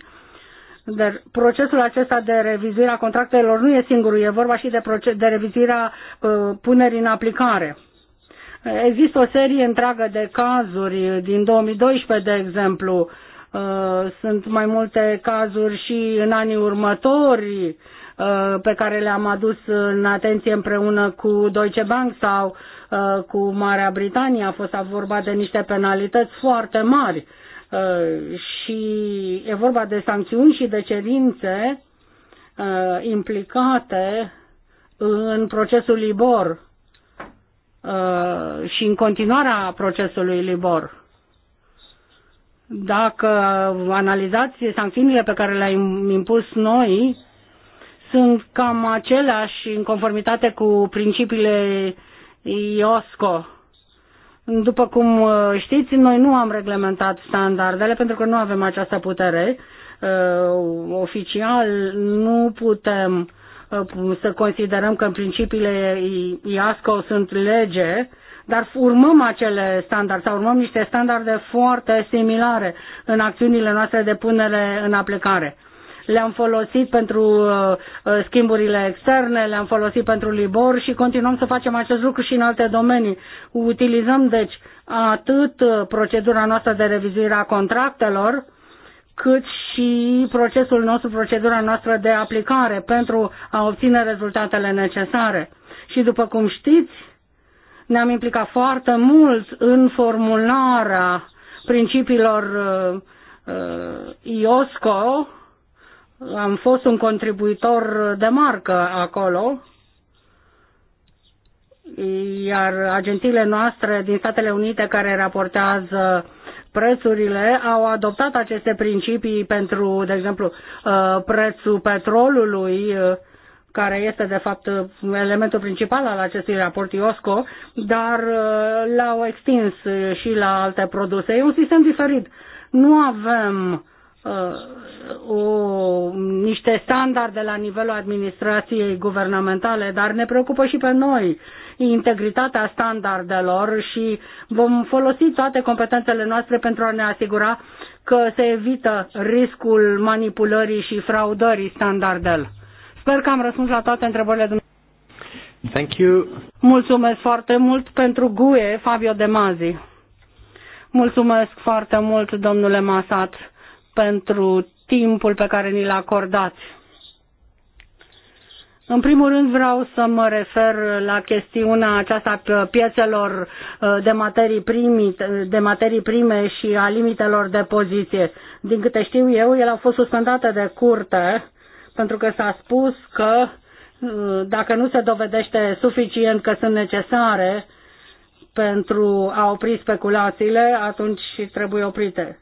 Dar procesul acesta de revizuire a contractelor nu e singurul, e vorba și de, proces, de revizuirea eh, punerii în aplicare. Există o serie întreagă de cazuri din 2012, de exemplu. sunt mai multe cazuri și în anii următori Uh, pe care le-am adus în atenție împreună cu Deutsche Bank sau uh, cu Marea Britanie. A fost vorba de niște penalități foarte mari uh, și e vorba de sancțiuni și de cerințe implicate în procesul Libor și în continuarea procesului Libor. Dacă analizați sancțiunile pe care le-am impus noi, sunt cam aceleași în conformitate cu principiile IOSCO. După cum uh, știți, noi nu am reglementat standardele pentru că nu avem această putere. Uh, oficial nu putem uh, să considerăm că principiile IASCO sunt lege, dar urmăm acele standarde sau urmăm niște standarde foarte similare în acțiunile noastre de punere în aplicare le-am folosit pentru uh, uh, schimburile externe, le-am folosit pentru Libor și continuăm să facem acest lucru și în alte domenii. Utilizăm, deci, atât uh, procedura noastră de revizuire a contractelor, cât și procesul nostru, procedura noastră de aplicare pentru a obține rezultatele necesare. Și după cum știți, ne-am implicat foarte mult în formularea principiilor uh, IOSCO am fost un contribuitor de marcă acolo, iar agențiile noastre din Statele Unite care raportează prețurile au adoptat aceste principii pentru, de exemplu, uh, prețul petrolului, uh, care este de fapt elementul principal al acestui raport IOSCO, dar uh, l-au extins și la alte produse. E un sistem diferit. Nu avem Uh, o, niște standarde la nivelul administrației guvernamentale, dar ne preocupă și pe noi integritatea standardelor și vom folosi toate competențele noastre pentru a ne asigura că se evită riscul manipulării și fraudării standardelor. Sper că am răspuns la toate întrebările dumneavoastră. Thank you. Mulțumesc foarte mult pentru GUE, Fabio De Mazi. Mulțumesc foarte mult, domnule Masat pentru timpul pe care ni l acordați. În primul rând vreau să mă refer la chestiunea aceasta piețelor uh, de materii, primi, uh, de materii prime și a limitelor de poziție. Din câte știu eu, ele au fost suspendate de curte pentru că s-a spus că uh, dacă nu se dovedește suficient că sunt necesare pentru a opri speculațiile, atunci trebuie oprite.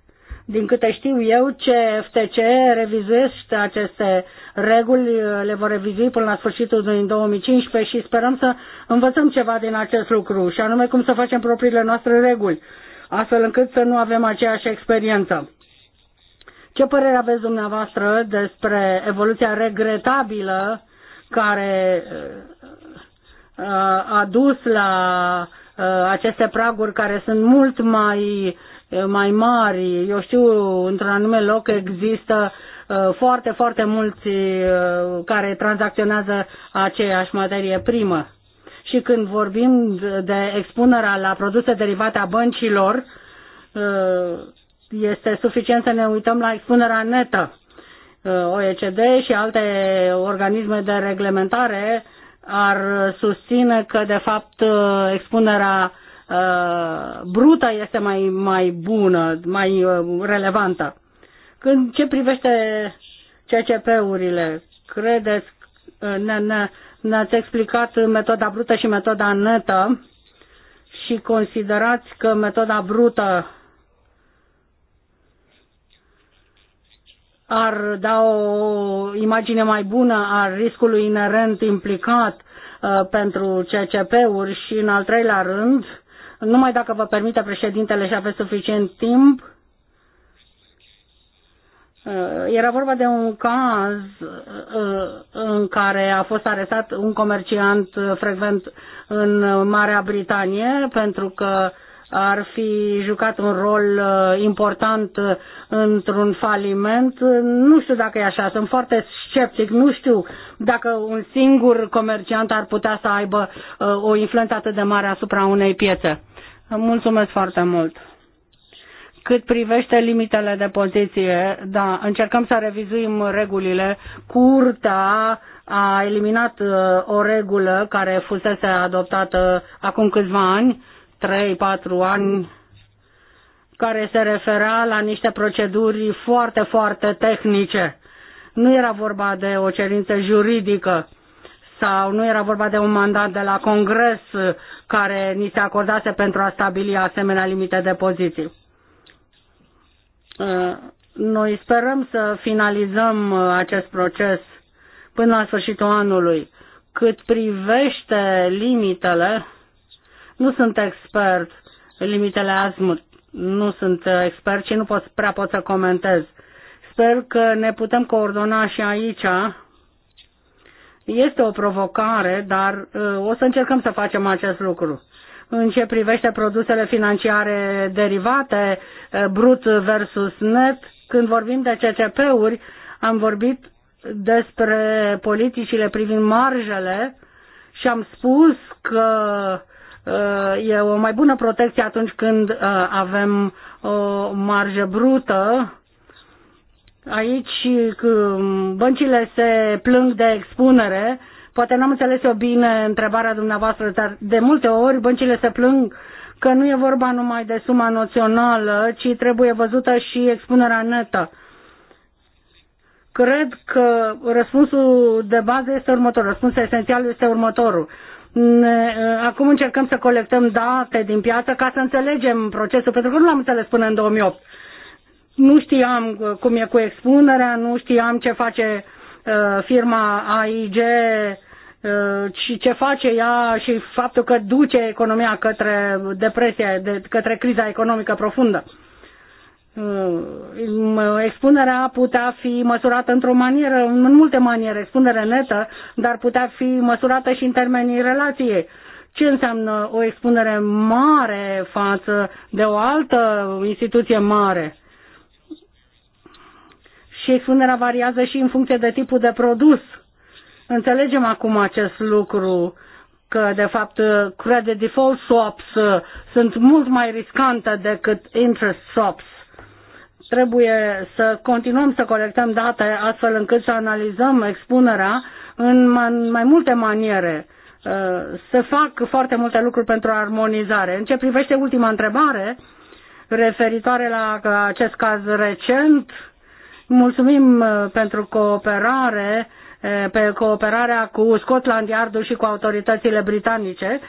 Din câte știu eu, CFTC revizuiește aceste reguli, le vor revizui până la sfârșitul din 2015 și sperăm să învățăm ceva din acest lucru, și anume cum să facem propriile noastre reguli, astfel încât să nu avem aceeași experiență. Ce părere aveți dumneavoastră despre evoluția regretabilă care uh, a dus la uh, aceste praguri care sunt mult mai Eh, mai mari. Eu știu, într-un anume loc există eh, foarte, foarte mulți eh, care tranzacționează aceeași materie primă. Și când vorbim de expunerea la produse derivate a băncilor, este suficient să ne uităm la expunerea netă. OECD și alte organisme de reglementare ar susține că, de fapt, expunerea uh, este mai, mai bună, mai uh, relevantă. Când ce privește CCP-urile, credeți, uh, ne, ne, ne-ați explicat metoda brută și metoda netă și considerați că metoda brută ar da o imagine mai bună a riscului inerent implicat uh, pentru CCP-uri și, în al treilea rând, numai dacă vă permite președintele și aveți suficient timp, uh, era vorba de un caz uh, în care a fost arestat un comerciant frecvent în Marea Britanie pentru că ar fi jucat un rol uh, important uh, într-un faliment. Nu știu dacă e așa, sunt foarte sceptic, nu știu dacă un singur comerciant ar putea să aibă uh, o influență atât de mare asupra unei piețe. Mulțumesc foarte mult! Cât privește limitele de poziție, da, încercăm să revizuim regulile. Curtea a eliminat o regulă care fusese adoptată acum câțiva ani 3-4 ani care se referea la niște proceduri foarte, foarte tehnice. Nu era vorba de o cerință juridică sau nu era vorba de un mandat de la Congres care ni se acordase pentru a stabili asemenea limite de poziții. Uh, noi sperăm să finalizăm uh, acest proces până la sfârșitul anului. Cât privește limitele, nu sunt expert în limitele azmut, nu sunt uh, expert și nu pot, prea pot să comentez. Sper că ne putem coordona și aici. Este o provocare, dar uh, o să încercăm să facem acest lucru în ce privește produsele financiare derivate, uh, brut versus net. Când vorbim de CCP-uri, am vorbit despre politicile privind marjele și am spus că e o mai bună protecție atunci când uh, avem o marjă brută. Aici uh, băncile se plâng de expunere. Poate n-am înțeles eu bine întrebarea dumneavoastră, dar de multe ori băncile se plâng că nu e vorba numai de suma noțională, ci trebuie văzută și expunerea netă. Cred că răspunsul de bază este următorul, răspunsul esențial este următorul ne, eh, acum încercăm să colectăm date din piață ca să înțelegem procesul, pentru că nu l-am înțeles până în 2008. Nu știam eh, cum e cu expunerea, nu știam ce face uh, firma AIG uh, și ce face ea și faptul că duce economia către depresia, de, către criza economică profundă. Uh, expunerea putea fi măsurată într-o manieră, în multe maniere, expunere netă, dar putea fi măsurată și în termenii relației. Ce înseamnă o expunere mare față de o altă instituție mare? Și expunerea variază și în funcție de tipul de produs. Înțelegem acum acest lucru că de fapt credit default swaps uh, sunt mult mai riscante decât interest swaps trebuie să continuăm să colectăm date astfel încât să analizăm expunerea în mai multe maniere. Uh, se fac foarte multe lucruri pentru armonizare. În ce privește ultima întrebare, referitoare la acest caz recent, mulțumim uh, pentru cooperare uh, pe cooperarea cu Scotland Yardul și cu autoritățile britanice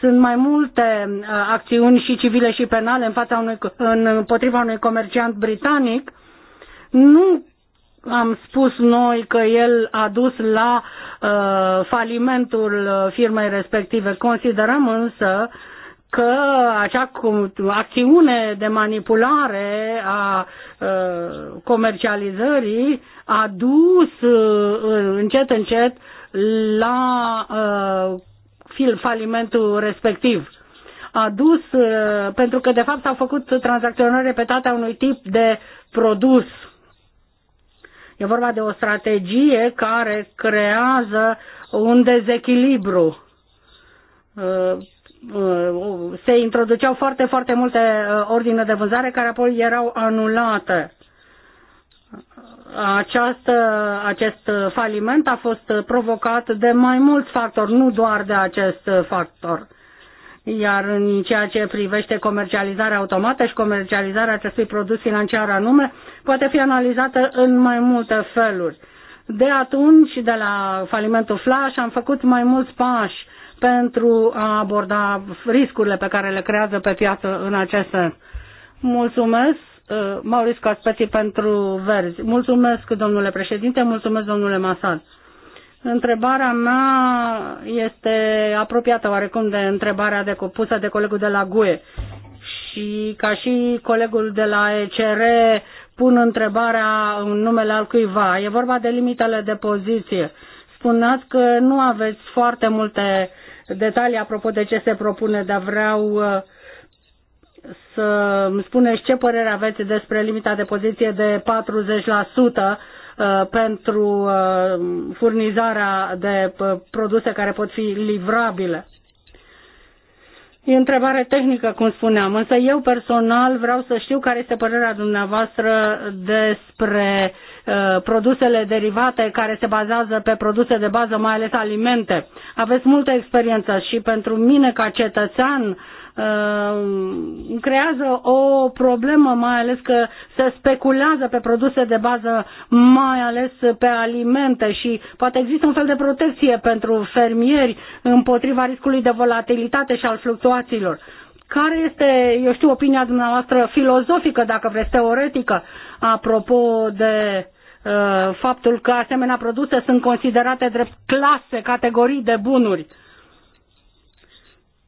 sunt mai multe uh, acțiuni și civile și penale în fața unui, în, împotriva unui comerciant britanic. Nu am spus noi că el a dus la uh, falimentul uh, firmei respective. Considerăm însă că acea acțiune de manipulare a uh, comercializării a dus uh, încet încet la uh, film falimentul respectiv a dus, uh, pentru că de fapt s-au făcut tranzacționări repetate a unui tip de produs. E vorba de o strategie care creează un dezechilibru. Uh, uh, se introduceau foarte, foarte multe ordine de vânzare care apoi erau anulate. Această, acest faliment a fost provocat de mai mulți factori, nu doar de acest factor. Iar în ceea ce privește comercializarea automată și comercializarea acestui produs financiar anume, poate fi analizată în mai multe feluri. De atunci, de la falimentul Flash, am făcut mai mulți pași pentru a aborda riscurile pe care le creează pe piață în acest sens. Mulțumesc Uh, Maurice Caspeti pentru Verzi. Mulțumesc, domnule președinte, mulțumesc, domnule Masal. Întrebarea mea este apropiată oarecum de întrebarea de, pusă de colegul de la GUE. Și ca și colegul de la ECR pun întrebarea în numele altcuiva. E vorba de limitele de poziție. Spuneați că nu aveți foarte multe detalii apropo de ce se propune, dar vreau uh, să îmi spuneți ce părere aveți despre limita de poziție de 40% uh, pentru uh, furnizarea de uh, produse care pot fi livrabile. E întrebare tehnică, cum spuneam, însă eu personal vreau să știu care este părerea dumneavoastră despre produsele derivate care se bazează pe produse de bază, mai ales alimente. Aveți multă experiență și pentru mine ca cetățean Uh, creează o problemă, mai ales că se speculează pe produse de bază, mai ales pe alimente și poate există un fel de protecție pentru fermieri împotriva riscului de volatilitate și al fluctuațiilor care este, eu știu, opinia dumneavoastră filozofică, dacă vreți, teoretică, apropo de uh, faptul că asemenea produse sunt considerate drept clase, categorii de bunuri.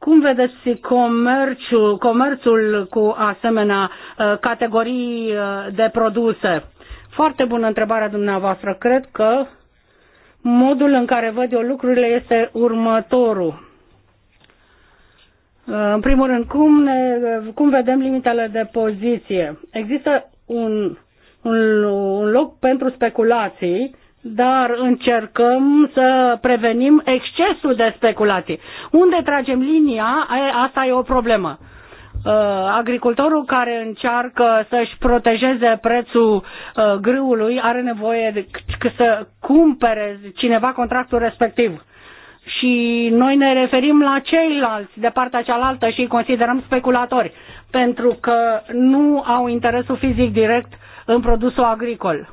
Cum vedeți comerțul, comerțul cu asemenea uh, categorii uh, de produse? Foarte bună întrebarea dumneavoastră. Cred că modul în care văd eu lucrurile este următorul. Uh, în primul rând, cum, ne, cum vedem limitele de poziție? Există un, un, un loc pentru speculații dar încercăm să prevenim excesul de speculații. Unde tragem linia, asta e o problemă uh, agricultorul care încearcă să-și protejeze prețul uh, grâului are nevoie de să cumpere cineva contractul respectiv. Și noi ne referim la ceilalți de partea cealaltă și îi considerăm speculatori, pentru că nu au interesul fizic direct în produsul agricol.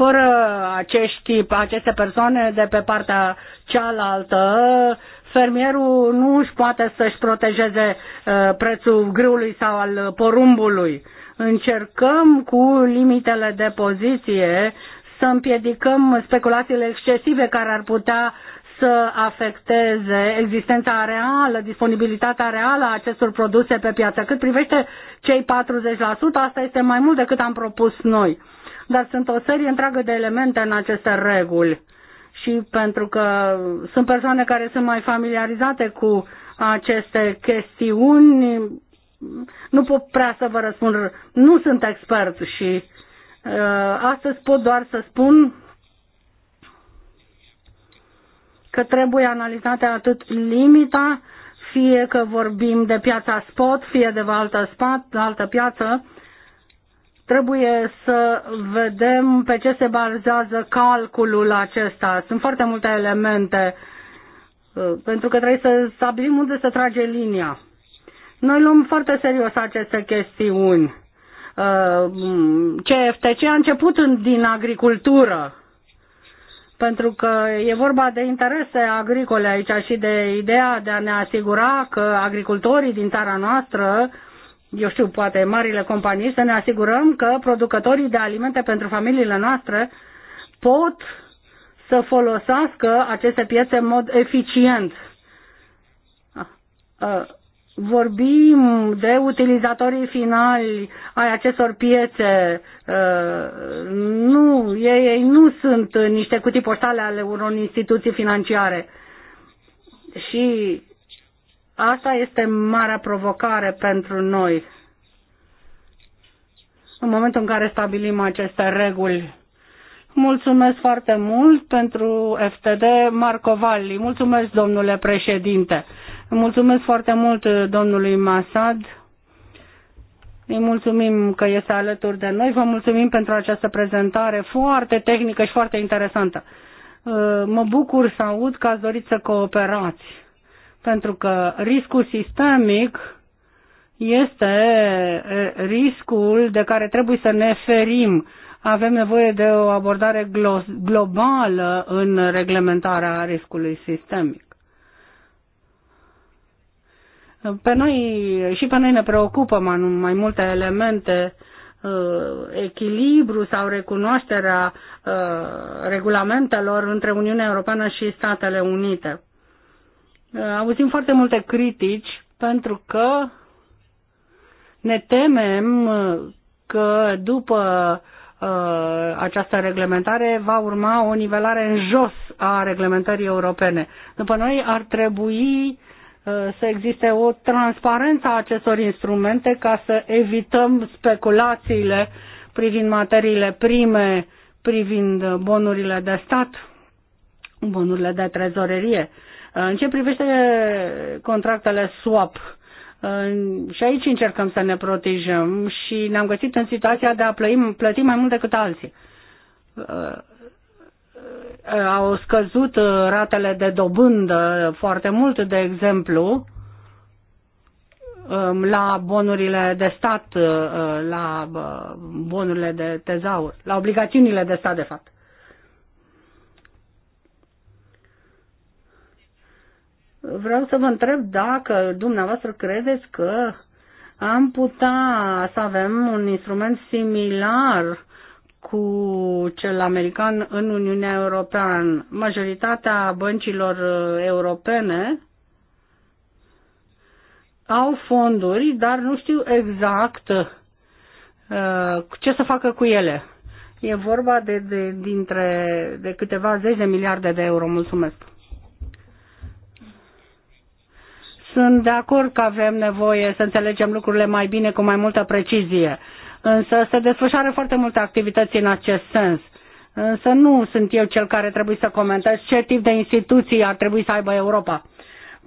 Fără acești, aceste persoane de pe partea cealaltă, fermierul nu își poate să-și protejeze uh, prețul grâului sau al porumbului. Încercăm cu limitele de poziție să împiedicăm speculațiile excesive care ar putea să afecteze existența reală, disponibilitatea reală a acestor produse pe piață. Cât privește cei 40%, asta este mai mult decât am propus noi dar sunt o serie întreagă de elemente în aceste reguli și pentru că sunt persoane care sunt mai familiarizate cu aceste chestiuni, nu pot prea să vă răspund, nu sunt expert și uh, astăzi pot doar să spun că trebuie analizate atât limita, fie că vorbim de piața spot, fie de altă, spot, altă piață, Trebuie să vedem pe ce se bazează calculul acesta. Sunt foarte multe elemente, uh, pentru că trebuie să stabilim unde se trage linia. Noi luăm foarte serios aceste chestiuni. CFTC uh, a început din agricultură, pentru că e vorba de interese agricole aici și de ideea de a ne asigura că agricultorii din țara noastră uh, eu știu, poate marile companii, să ne asigurăm că producătorii de alimente pentru familiile noastre pot să folosească aceste piețe în mod eficient. Ah, ah, vorbim de utilizatorii finali ai acestor piețe. Ah, nu, ei, ei nu sunt niște cutii poștale ale unor instituții financiare. Și Asta este marea provocare pentru noi. În momentul în care stabilim aceste reguli, mulțumesc foarte mult pentru FTD Marcovalli. Mulțumesc, domnule președinte. Mulțumesc foarte mult domnului Masad. Îi mulțumim că este alături de noi. Vă mulțumim pentru această prezentare foarte tehnică și foarte interesantă. Mă bucur să aud că ați dorit să cooperați pentru că riscul sistemic este riscul de care trebuie să ne ferim. Avem nevoie de o abordare globală în reglementarea riscului sistemic. Pe noi, și pe noi ne preocupă mai, mai multe elemente uh, echilibru sau recunoașterea uh, regulamentelor între Uniunea Europeană și Statele Unite. Uh, auzim foarte multe critici pentru că ne temem că după uh, această reglementare va urma o nivelare în jos a reglementării europene. După noi ar trebui uh, să existe o transparență a acestor instrumente ca să evităm speculațiile privind materiile prime, privind bonurile de stat, bonurile de trezorerie. Uh, în ce privește contractele swap, și aici încercăm să ne protejăm și ne-am găsit în situația de a plăti mai mult decât alții. Uh, au scăzut uh, ratele de dobândă foarte mult, de exemplu, um, la bonurile de stat, uh, la bonurile de tezaur, la obligațiunile de stat, de fapt. vreau să vă întreb dacă dumneavoastră credeți că am putea să avem un instrument similar cu cel american în Uniunea Europeană. Majoritatea băncilor uh, europene au fonduri, dar nu știu exact uh, ce să facă cu ele. E vorba de, de, dintre, de câteva zeci de miliarde de euro. Mulțumesc. Sunt de acord că avem nevoie să înțelegem lucrurile mai bine, cu mai multă precizie, însă se desfășoară foarte multe activități în acest sens. Însă nu sunt eu cel care trebuie să comentez ce tip de instituții ar trebui să aibă Europa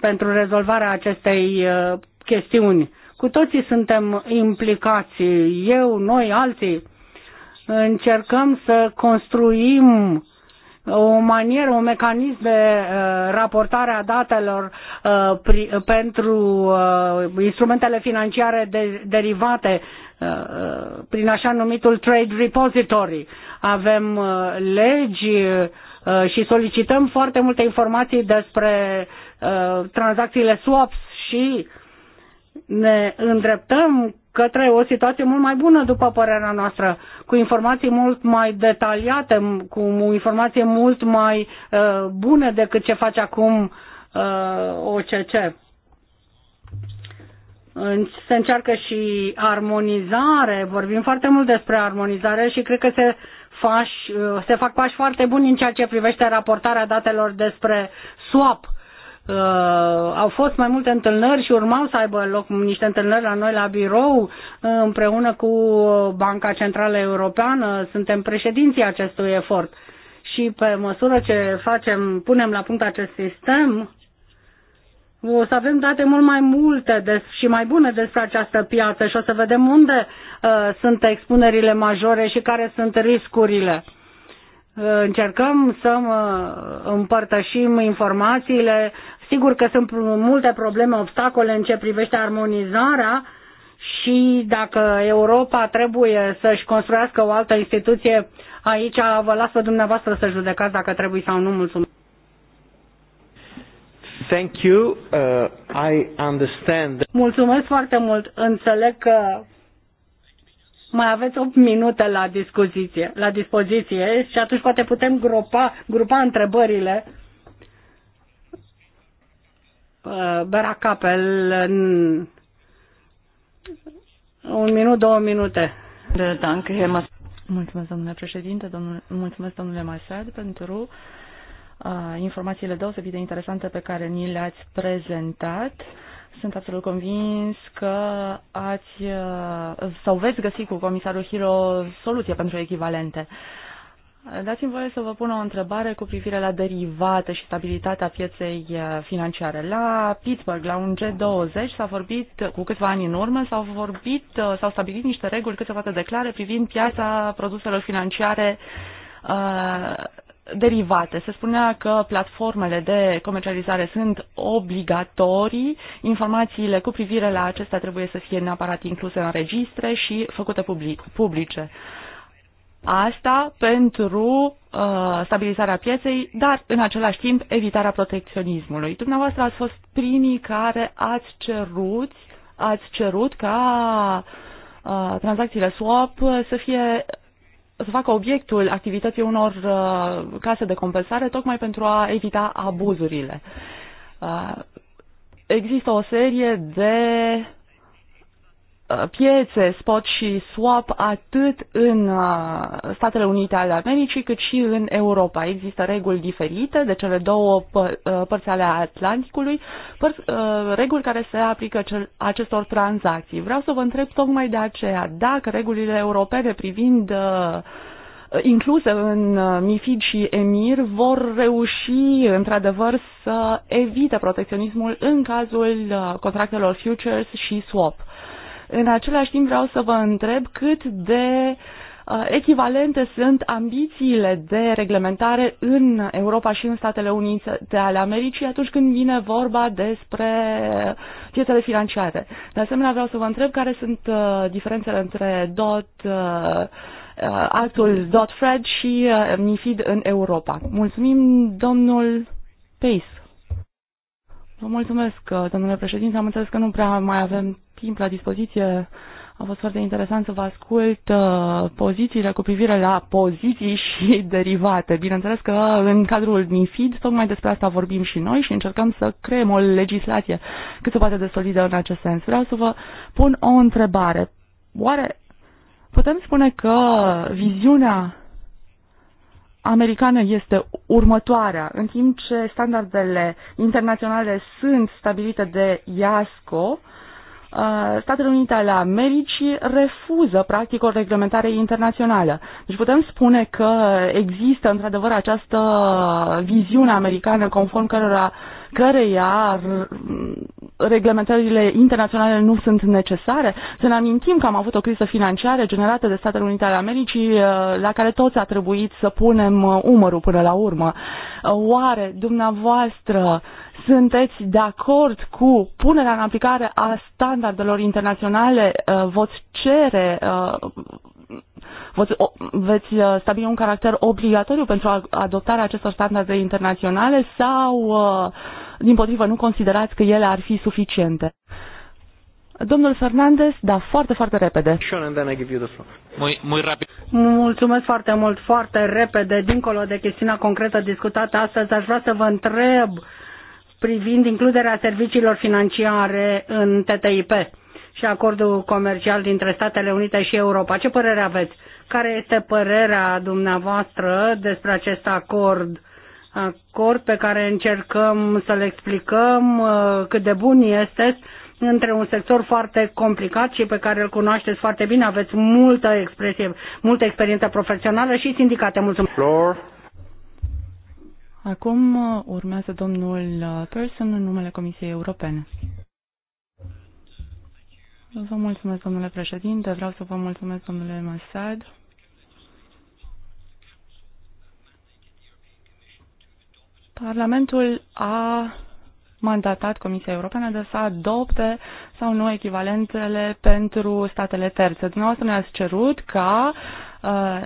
pentru rezolvarea acestei uh, chestiuni. Cu toții suntem implicați, eu, noi, alții. Încercăm să construim o manieră, un mecanism de uh, raportare a datelor uh, pentru uh, instrumentele financiare derivate prin așa numitul trade repository. Avem legi și solicităm foarte multe informații despre tranzacțiile swaps și ne îndreptăm către o situație mult mai bună, după părerea noastră, cu informații mult mai detaliate, cu informații mult mai uh, bune decât ce face acum uh, OCC. Se încearcă și armonizare, vorbim foarte mult despre armonizare și cred că se, faș, uh, se fac pași foarte buni în ceea ce privește raportarea datelor despre swap. Uh, Uh, au fost mai multe întâlnări și urmau să aibă loc niște întâlnări la noi la birou uh, împreună cu Banca Centrală Europeană. Suntem președinții acestui efort și pe măsură ce facem, punem la punct acest sistem, o să avem date mult mai multe des, și mai bune despre această piață și o să vedem unde uh, sunt expunerile majore și care sunt riscurile încercăm să împărtășim informațiile. Sigur că sunt multe probleme, obstacole în ce privește armonizarea și dacă Europa trebuie să-și construiască o altă instituție, aici vă las pe dumneavoastră să judecați dacă trebuie sau nu. Mulțumesc. Thank you. Uh, I understand. Mulțumesc foarte mult. Înțeleg că mai aveți 8 minute la, discuție, la dispoziție și atunci poate putem grupa, grupa întrebările. Uh, Bera Capel, un minut, două minute. De, danke, Mulțumesc, domnule președinte, domnule, mulțumesc, domnule Masad, pentru uh, informațiile deosebit de interesante pe care ni le-ați prezentat. Uh, sunt absolut convins că ați uh, sau veți găsi cu comisarul Hiro soluție pentru echivalente. Dați-mi voie să vă pun o întrebare cu privire la derivate și stabilitatea pieței uh, financiare. La Pittsburgh, la un G20, s-a vorbit, cu câțiva ani în urmă, s-au vorbit, uh, s-au stabilit niște reguli cât se poate declare privind piața produselor financiare uh, derivate. Se spunea că platformele de comercializare sunt obligatorii, informațiile cu privire la acestea trebuie să fie neapărat incluse în registre și făcute public, publice. Asta pentru uh, stabilizarea pieței, dar în același timp evitarea protecționismului. Dumneavoastră ați fost primii care ați cerut, ați cerut ca uh, tranzacțiile swap să fie să facă obiectul activității unor uh, case de compensare tocmai pentru a evita abuzurile. Uh, există o serie de Uh, piețe spot și swap atât în uh, Statele Unite ale Americii cât și în Europa. Există reguli diferite de cele două uh, părți ale Atlanticului, păr- reguli care se aplică acestor tranzacții. Vreau să vă întreb tocmai de aceea dacă regulile europene privind incluse în MIFID și EMIR vor reuși într-adevăr să evite protecționismul în cazul contractelor futures și swap. În același timp vreau să vă întreb cât de uh, echivalente sunt ambițiile de reglementare în Europa și în Statele Unite ale Americii atunci când vine vorba despre piețele financiare. De asemenea, vreau să vă întreb care sunt uh, diferențele între DOT, uh, actul DOT-FRED și MIFID în Europa. Mulțumim, domnul Pace. Vă mulțumesc, domnule președinte. Am înțeles că nu prea mai avem timp la dispoziție. A fost foarte interesant să vă ascult uh, pozițiile cu privire la poziții și derivate. Bineînțeles că în cadrul MIFID tocmai despre asta vorbim și noi și încercăm să creăm o legislație cât se poate de solidă în acest sens. Vreau să vă pun o întrebare. Oare putem spune că viziunea americană este următoarea. În timp ce standardele internaționale sunt stabilite de IASCO, uh, Uh, Statele Unite ale Americii refuză practic o reglementare internațională. Deci putem spune că există într-adevăr această viziune americană conform cărora uh, căreia mm, reglementările internaționale nu sunt necesare. Să ne amintim că am avut o criză financiară generată de Statele Unite ale Americii uh, la care toți a trebuit să punem uh, umărul până la urmă. Uh, oare dumneavoastră sunteți de acord cu punerea în aplicare a standardelor internaționale? Voți cere veți stabili un caracter obligatoriu pentru adoptarea acestor standarde internaționale sau uh, din potrivă, nu considerați că ele ar fi suficiente? Domnul Fernandez, da, foarte, foarte repede. Mulțumesc foarte mult, foarte repede. Dincolo de chestiunea concretă discutată astăzi, aș vrea să vă întreb privind includerea serviciilor financiare în TTIP și acordul comercial dintre Statele Unite și Europa. Ce părere aveți? Care este părerea dumneavoastră despre acest acord acord pe care încercăm să-l explicăm uh, cât de bun este între un sector foarte complicat și pe care îl cunoașteți foarte bine, aveți multă expresie, multă experiență profesională și sindicate. Mulțumesc! Floor. Acum uh, urmează domnul Persson uh, în numele Comisiei Europene. Vă mulțumesc, domnule președinte. Vreau să vă mulțumesc, domnule Masad Parlamentul a mandatat Comisia Europeană de să adopte sau nu echivalentele pentru statele terțe. Dumneavoastră ne-ați cerut ca uh,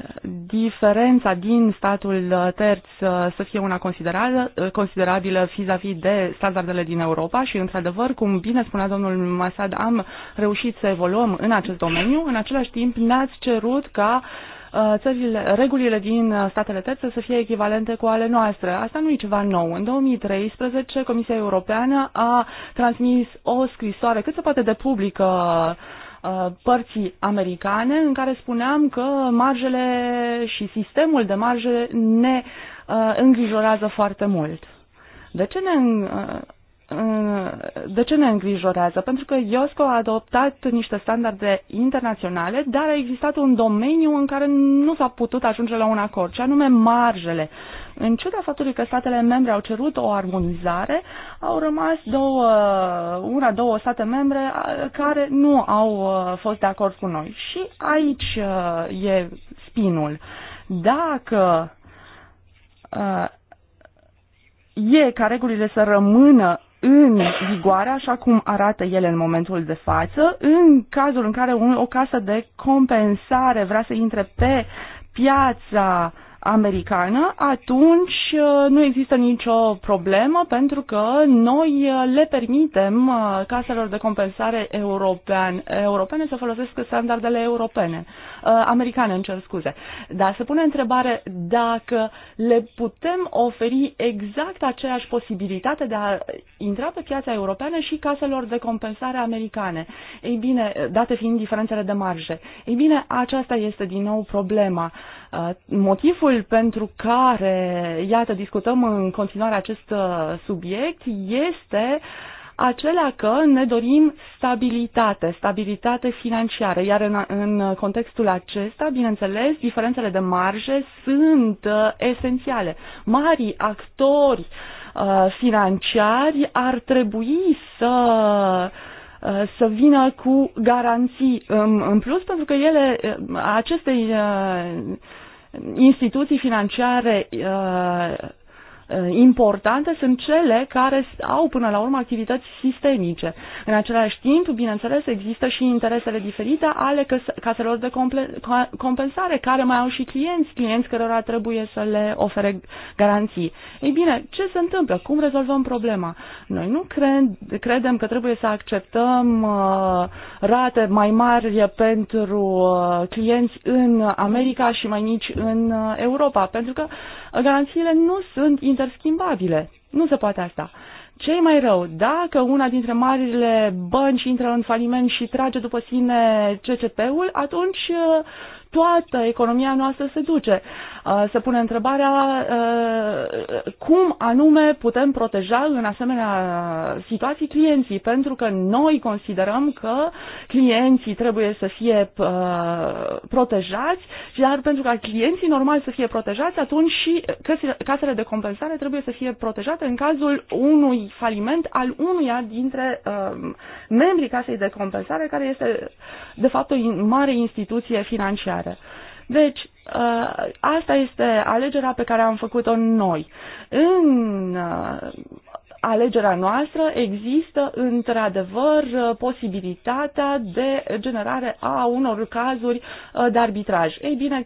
diferența din statul uh, terț uh, să fie una considerabilă, uh, considerabilă vis-a-vis de standardele din Europa și, într-adevăr, cum bine spunea domnul Masad, am reușit să evoluăm în acest domeniu. În același timp, ne-ați cerut ca uh, Uh, țările, regulile din uh, statele terțe să fie echivalente cu ale noastre. Asta nu e ceva nou. În 2013, Comisia Europeană a transmis o scrisoare cât se poate de publică uh, părții americane în care spuneam că marjele și sistemul de marje ne îngrijorează foarte mult. De ce ne de ce ne îngrijorează? Pentru că IOSCO a adoptat niște standarde internaționale, dar a existat un domeniu în care nu s-a putut ajunge la un acord, și anume marjele. În ciuda faptului că statele membre au cerut o armonizare, au rămas două, una, două state membre care nu au uh, fost de acord cu noi. Și aici uh, e spinul. Dacă uh, e ca regulile să rămână în vigoare, așa cum arată ele în momentul de față, în cazul în care un, o casă de compensare vrea să intre pe piața americană, atunci uh, nu există nicio problemă pentru că noi uh, le permitem uh, caselor de compensare european, europene să folosească standardele europene. Uh, americane, îmi cer scuze. Dar se pune întrebare dacă le putem oferi exact aceeași posibilitate de a intra pe piața europeană și caselor de compensare americane. Ei bine, date fiind diferențele de marge. Ei bine, aceasta este din nou problema. Uh, motivul pentru care, iată, discutăm în continuare acest uh, subiect este uh, acelea că ne dorim stabilitate, stabilitate financiară, iar în, în contextul acesta, bineînțeles, diferențele de marje sunt uh, esențiale. Marii actori uh, financiari ar trebui să uh, să vină cu garanții în plus, pentru că ele, aceste instituții financiare Uh, importante sunt cele care au până la urmă activități sistemice. În același timp, bineînțeles, există și interesele diferite ale caselor de compensare, care mai au și clienți, clienți cărora trebuie să le ofere garanții. Ei bine, ce se întâmplă? Cum rezolvăm problema? Noi nu cred, credem că trebuie să acceptăm uh, rate mai mari pentru uh, clienți în America și mai mici în uh, Europa, pentru că uh, garanțiile nu sunt interschimbabile. Nu se poate asta. Ce e mai rău? Dacă una dintre marile bănci intră în faliment și trage după sine CCP-ul, atunci uh, toată economia noastră se duce. Uh, se pune întrebarea uh, cum anume putem proteja în asemenea situații clienții, pentru că noi considerăm că clienții trebuie să fie uh, protejați, dar pentru ca clienții normal să fie protejați, atunci și casele de compensare trebuie să fie protejate în cazul unui faliment al unuia dintre membrii casei de compensare, care este de fapt o mare instituție financiară. Deci, Uh, asta este alegerea pe care am făcut-o noi. În uh, alegerea noastră există într-adevăr uh, posibilitatea de generare a unor cazuri de arbitraj. Ei bine,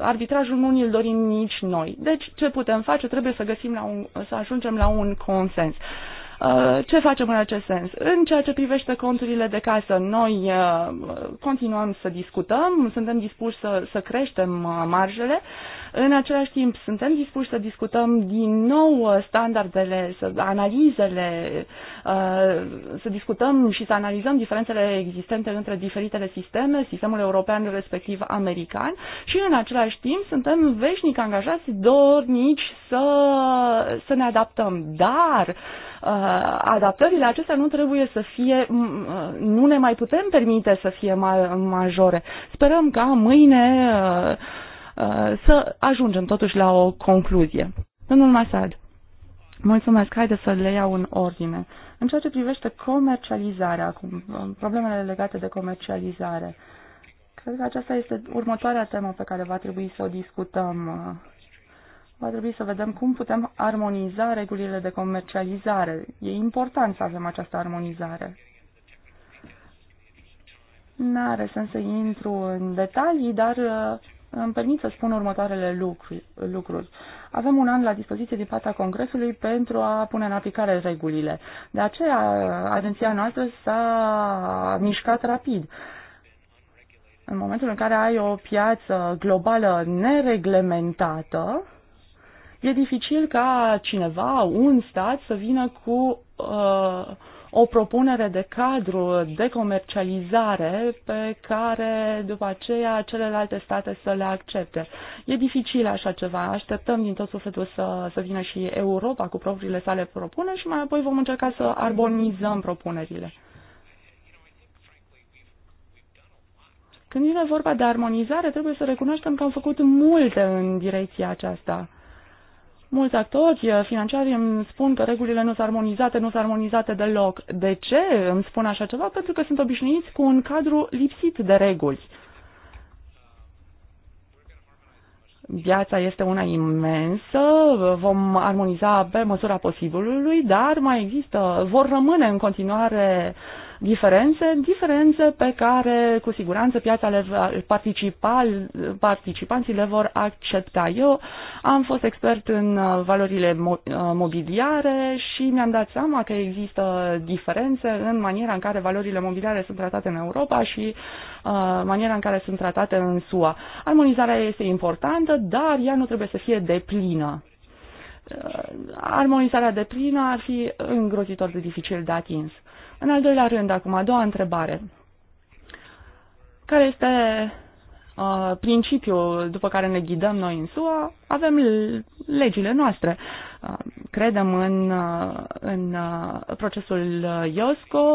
arbitrajul nu ni-l dorim nici noi. Deci ce putem face? Trebuie să găsim la un, să ajungem la un consens. Uh, ce facem în acest sens? În ceea ce privește conturile de casă, noi uh, continuăm să discutăm, suntem dispuși să, să creștem uh, marjele, în același timp, suntem dispuși să discutăm din nou uh, standardele, să, analizele, uh, să discutăm și să analizăm diferențele existente între diferitele sisteme, sistemul european respectiv american și în același timp suntem veșnic angajați, dornici să, să ne adaptăm. Dar uh, adaptările acestea nu trebuie să fie, nu ne mai putem permite să fie majore. Sperăm ca mâine Uh, să ajungem totuși la o concluzie. Domnul Masad, mulțumesc, haideți să le iau în ordine. În ceea ce privește comercializarea, acum, um, problemele legate de comercializare, cred că aceasta este următoarea temă pe care va trebui să o discutăm. Va trebui să vedem cum putem armoniza regulile de comercializare. E important să avem această armonizare. N-are sens să intru în detalii, dar uh, îmi permit să spun următoarele lucruri, Avem un an la dispoziție din partea Congresului pentru a pune în aplicare regulile. De aceea, agenția noastră s-a mișcat rapid. În momentul în care ai o piață globală nereglementată, e dificil ca cineva, un stat, să vină cu uh, o propunere de cadru de comercializare pe care după aceea celelalte state să le accepte. E dificil așa ceva, așteptăm din tot sufletul să, să vină și Europa cu propriile sale propuneri și mai apoi vom încerca să arbonizăm propunerile. Când vine vorba de armonizare, trebuie să recunoaștem că am făcut multe în direcția aceasta. Mulți actori eh, financiari îmi spun că regulile nu sunt armonizate, nu sunt armonizate deloc. De ce îmi spun așa ceva? Pentru că sunt obișnuiți cu un cadru lipsit de reguli. Viața este una imensă, vom armoniza pe măsura posibilului, dar mai există, vor rămâne în continuare uh, diferențe, diferențe pe care cu siguranță participa, participanții le vor accepta. Eu am fost expert în uh, valorile uh, mobiliare și mi-am dat seama că există diferențe în maniera în care valorile mobiliare sunt tratate în Europa și uh, maniera în care sunt tratate în SUA. Armonizarea este importantă, dar ea nu trebuie să fie deplină armonizarea de plină ar fi îngrozitor de dificil de atins. În al doilea rând, acum, a doua întrebare. Care este uh, principiul după care ne ghidăm noi în SUA? Avem legile noastre. Uh, credem în, uh, în uh, procesul IOSCO,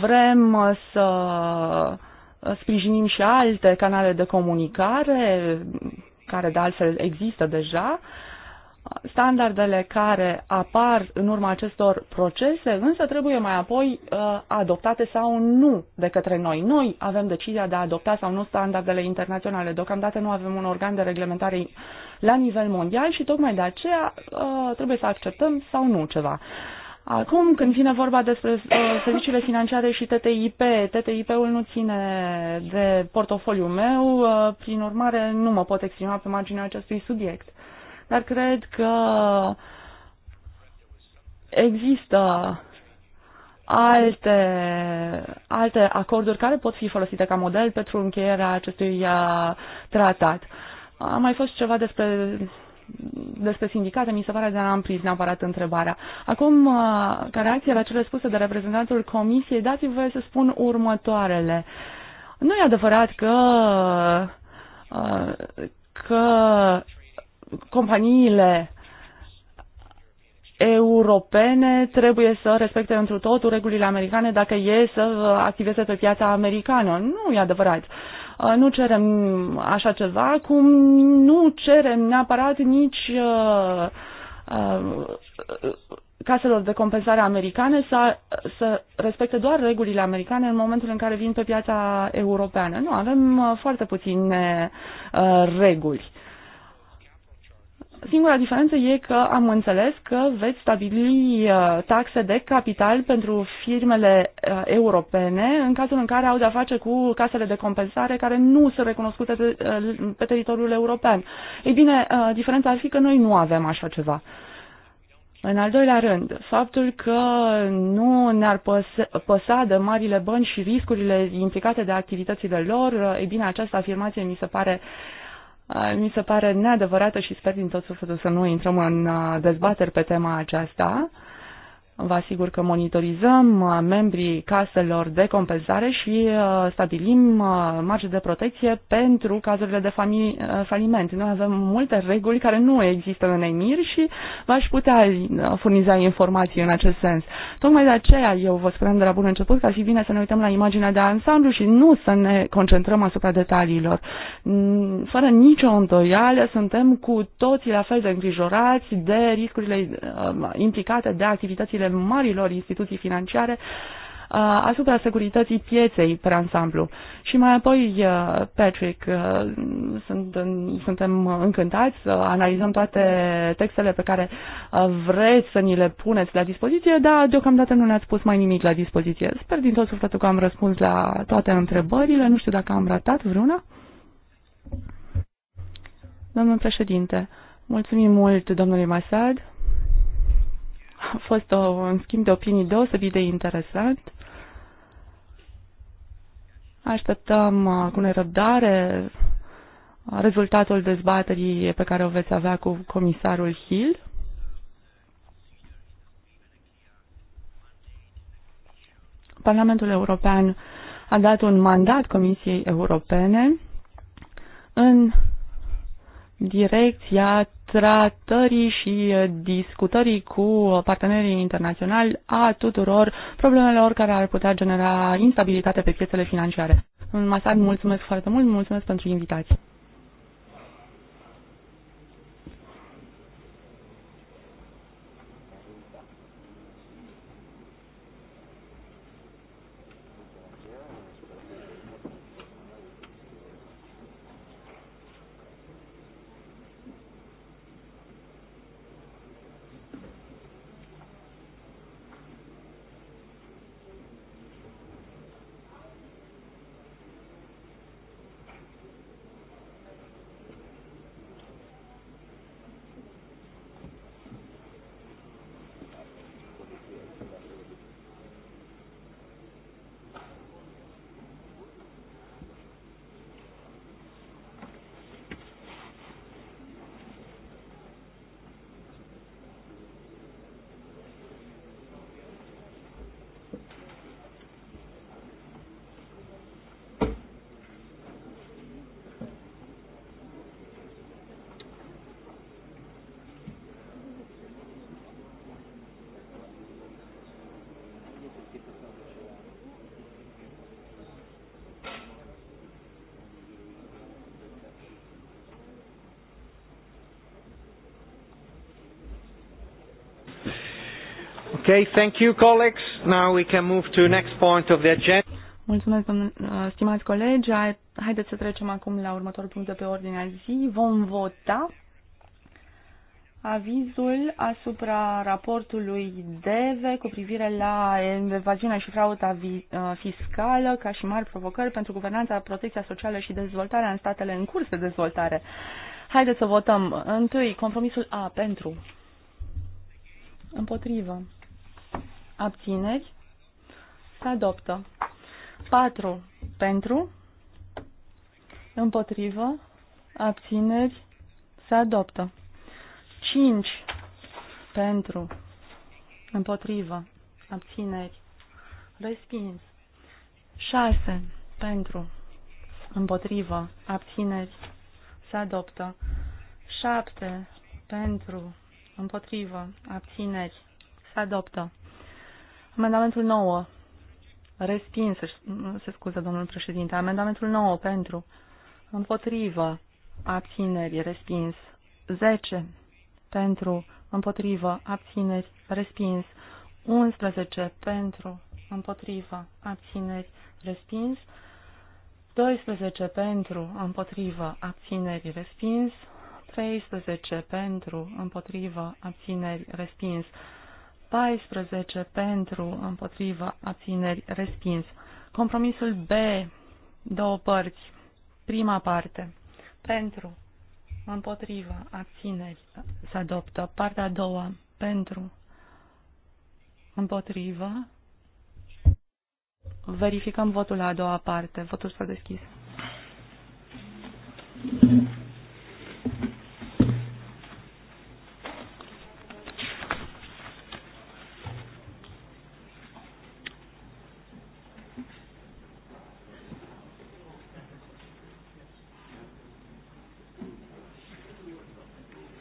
vrem să sprijinim și alte canale de comunicare, care de altfel există deja, uh, standardele care apar în urma acestor procese, însă trebuie mai apoi uh, adoptate sau nu de către noi. Noi avem decizia de a adopta sau nu standardele internaționale. Deocamdată nu avem un organ de reglementare la nivel mondial și tocmai de aceea uh, trebuie să acceptăm sau nu ceva. Acum, când vine vorba despre uh, serviciile financiare și TTIP, TTIP-ul nu ține de portofoliul meu, uh, prin urmare nu mă pot exprima pe marginea acestui subiect. Uh, dar cred că există alte, alte acorduri care pot fi folosite ca model pentru încheierea acestui uh, tratat. A mai fost ceva despre despre sindicate, mi se pare, că am prins neapărat întrebarea. Acum, uh, ca reacție la cele spuse de reprezentantul Comisiei, dați-mi voie să spun următoarele. Nu e adevărat că, uh, că companiile europene trebuie să respecte întru totul regulile americane dacă e să activeze pe piața americană. Nu e adevărat. Uh, nu cerem așa ceva, cum nu cerem neapărat nici uh, uh, caselor de compensare americane să, să respecte doar regulile americane în momentul în care vin pe piața europeană. Nu, avem foarte puține reguli. Singura diferență e că am înțeles că veți stabili uh, taxe de capital pentru firmele uh, europene în cazul în care au de-a face cu casele de compensare care nu sunt recunoscute pe uh, teritoriul european. Ei bine, diferența ar fi că noi nu avem așa ceva. În al doilea rând, faptul că nu ne-ar păsa de marile bănci și riscurile implicate de activitățile lor, e bine, această afirmație mi se pare uh, mi se pare neadevărată și sper din tot sufletul să nu intrăm în dezbateri pe tema aceasta. Vă asigur că monitorizăm uh, membrii caselor de compensare și uh, stabilim uh, marge de protecție pentru cazurile de faliment. Noi avem multe reguli care nu există în EMIR și v-aș putea furniza informații în acest sens. Tocmai de aceea eu vă spuneam de la bun început că ar fi bine să ne uităm la imaginea de ansamblu și nu să ne concentrăm asupra detaliilor. Mm, fără nicio îndoială suntem cu toții la fel de îngrijorați de riscurile implicate de activitățile ale marilor instituții financiare uh, asupra securității pieței pe ansamblu. Și mai apoi, uh, Patrick, uh, sunt, suntem încântați să analizăm toate textele pe care vreți să ni le puneți la dispoziție, dar deocamdată nu ne-ați pus mai nimic la dispoziție. Sper din tot sufletul că am răspuns la toate întrebările, nu știu dacă am ratat vreuna. Domnul președinte, mulțumim mult domnului Masad. A fost o, un schimb de opinii deosebit de interesant. Așteptăm uh, cu nerăbdare uh, rezultatul dezbaterii pe care o veți avea cu comisarul Hill. Parlamentul European a dat un mandat Comisiei Europene în direcția tratării și discutării cu partenerii internaționali a tuturor problemelor care ar putea genera instabilitate pe piețele financiare. În Masad, mulțumesc foarte mult, mulțumesc pentru invitație. Okay, thank you colleagues. Now we can move to next point of the agenda. Mulțumesc, uh, stimați colegi. Haideți să trecem acum la următorul punct de pe ordinea zi. Vom vota avizul asupra raportului DEVE cu privire la evaziunea și frauda uh, fiscală ca și mari provocări pentru guvernanța, protecția socială și dezvoltarea în statele în curs de dezvoltare. Haideți să votăm. Întâi, compromisul A pentru. Împotrivă abțineri, se adoptă. 4 pentru, împotrivă, abțineri, se adoptă. 5 pentru, împotrivă, abțineri, respins. 6 pentru, împotrivă, abțineri, se adoptă. 7 pentru, împotrivă, abțineri, se adoptă. Amendamentul 9. Respins, se scuză domnul președinte. Amendamentul 9 pentru. Împotrivă. Abțineri. Respins. 10. Pentru. Împotrivă. Abțineri. Respins. 11. Pentru. Împotrivă. Abțineri. Respins. 12 pentru, împotrivă, abțineri, respins. 13 pentru, împotrivă, abțineri, respins. 14 pentru, împotriva, abțineri, respins. Compromisul B, două părți. Prima parte, pentru, împotriva, abțineri, se adoptă. Partea a doua, pentru, împotriva. Verificăm votul la a doua parte. Votul s-a deschis. Thank you.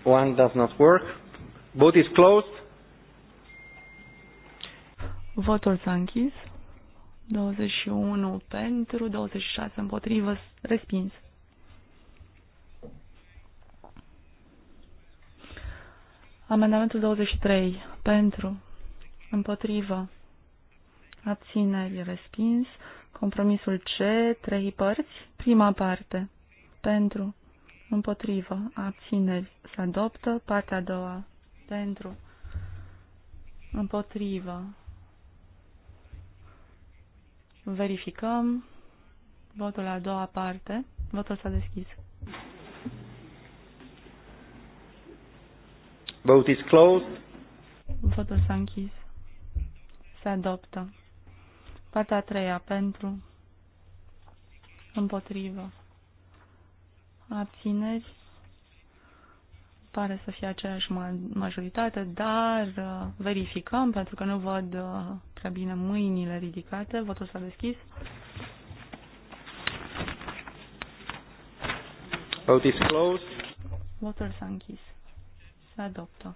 One does not work. Vote is closed. Votul s-a închis. 21 pentru, 26 împotrivă, respins. Amendamentul 23 pentru, împotrivă, abțineri, respins. Compromisul C, trei părți, prima parte, pentru, împotrivă, abțineri, se adoptă. Partea a doua, pentru, împotrivă. Verificăm votul la a doua parte. Votul s-a deschis. Vote is closed. Votul s-a închis. Se adoptă. Partea a treia, pentru, împotrivă abțineri, pare să fie aceeași majoritate, dar uh, verificăm pentru că nu văd uh, prea bine mâinile ridicate. Votul s-a deschis. Vote is closed. Votul s-a închis. Se adoptă.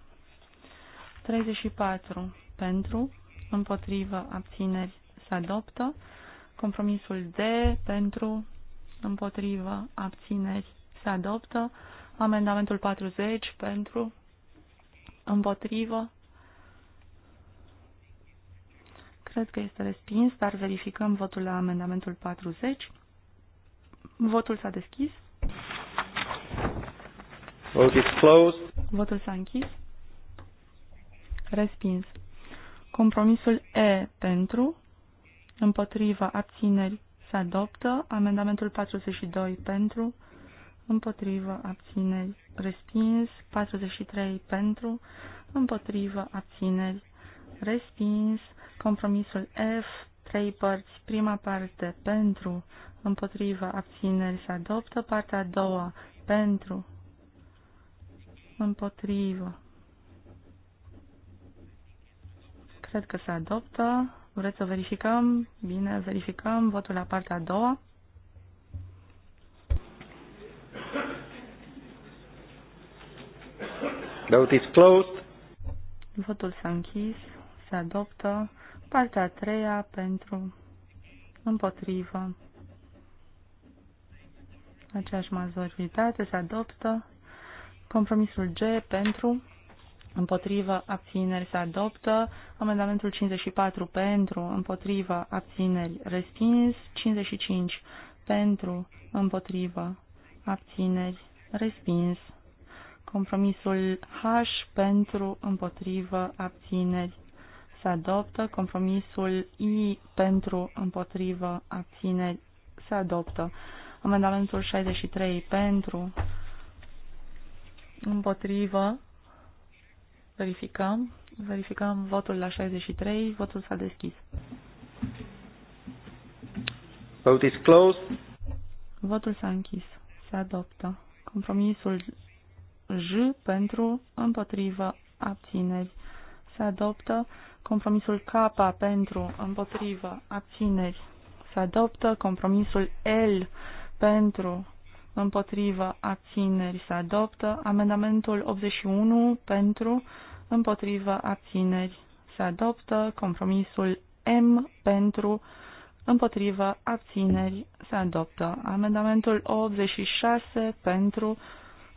34 pentru, împotrivă, abțineri, se adoptă. Compromisul D pentru, împotrivă, abțineri, se adoptă. Amendamentul 40 pentru, împotrivă. Cred că este respins, dar verificăm votul la amendamentul 40. Votul s-a deschis. Vote closed. Votul s-a închis. Respins. Compromisul E pentru, împotriva abțineri se adoptă. Amendamentul 42 pentru, împotrivă, abțineri, respins, 43 pentru, împotrivă, abțineri, respins, compromisul F, trei părți, prima parte pentru, împotrivă, abțineri, se adoptă, partea a doua pentru, împotrivă. Cred că se adoptă. Vreți să verificăm? Bine, verificăm votul la partea a doua. Vote is closed. Votul s-a închis. Se adoptă partea a treia pentru împotrivă. Aceeași majoritate se adoptă compromisul G pentru împotrivă abțineri se adoptă, amendamentul 54 pentru împotrivă abțineri respins, 55 pentru împotrivă abțineri respins. Compromisul H pentru împotrivă abțineri se adoptă. Compromisul I pentru împotrivă abțineri se adoptă. Amendamentul 63 pentru împotrivă verificăm. Verificăm votul la 63. Votul s-a deschis. Vote is closed. Votul s-a închis. Se adoptă. Compromisul J pentru împotrivă abțineri se adoptă. Compromisul K pentru împotrivă abțineri se adoptă. Compromisul L pentru împotrivă abțineri se adoptă. Amendamentul 81 pentru împotrivă abțineri se adoptă. Compromisul M pentru împotrivă abțineri se adoptă. Amendamentul 86 pentru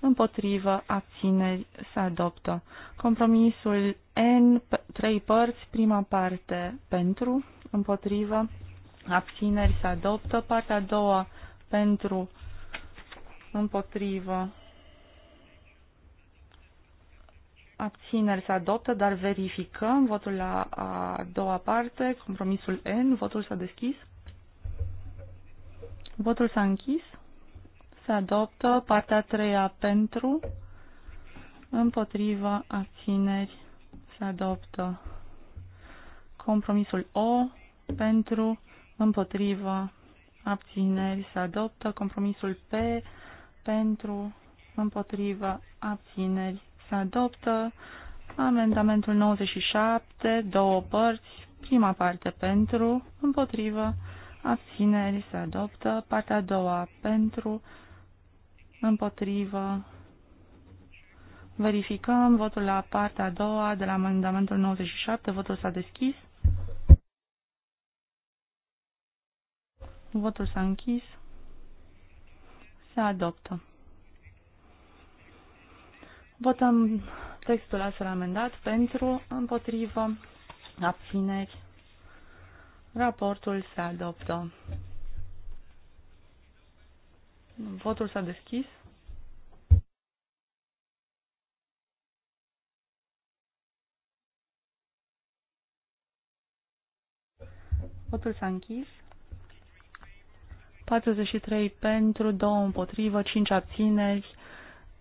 împotrivă, abțineri, se adoptă. Compromisul N, trei părți, prima parte pentru, împotrivă, abțineri, se adoptă, partea a doua pentru, împotrivă, abțineri, se adoptă, dar verificăm votul la a doua parte, compromisul N, votul s-a deschis. Votul s-a închis se adoptă. Partea a treia pentru, împotriva, abțineri, se adoptă. Compromisul O pentru, împotriva, abțineri, se adoptă. Compromisul P pentru, împotriva, abțineri, se adoptă. Amendamentul 97, două părți, prima parte pentru, împotriva abțineri se adoptă, partea a doua pentru, împotrivă. Verificăm votul la partea a doua de la amendamentul 97. Votul s-a deschis. Votul s-a închis. Se adoptă. Votăm textul astfel amendat pentru, împotrivă, abțineri. Raportul se adoptă. Votul s-a deschis. Votul s-a închis. 43 pentru, 2 împotrivă, 5 abțineri.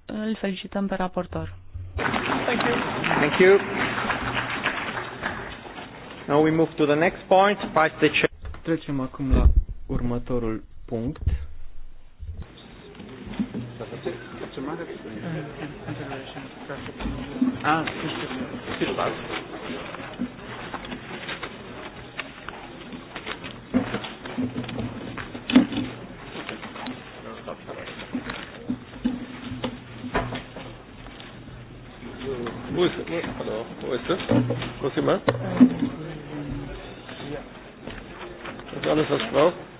Îl felicităm pe raportor. Thank you. Thank you. Now we move to the next point. Trecem acum la următorul punct. Ah, viel Spaß. Wo ist, wo, hallo, wo ist das? ist alles, was ich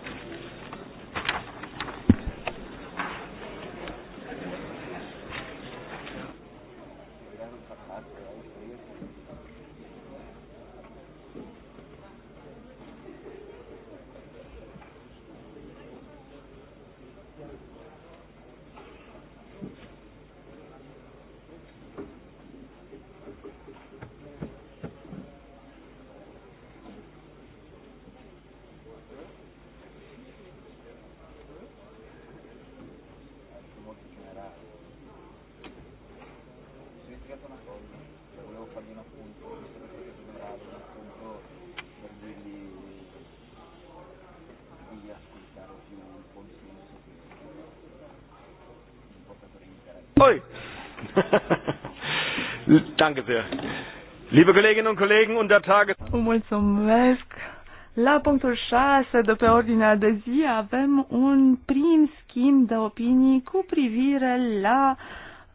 Danke sehr. Liebe Kolleginnen und Kollegen, unter Mulțumesc. La punctul 6 de pe ordinea de zi avem un prim schimb de opinii cu privire la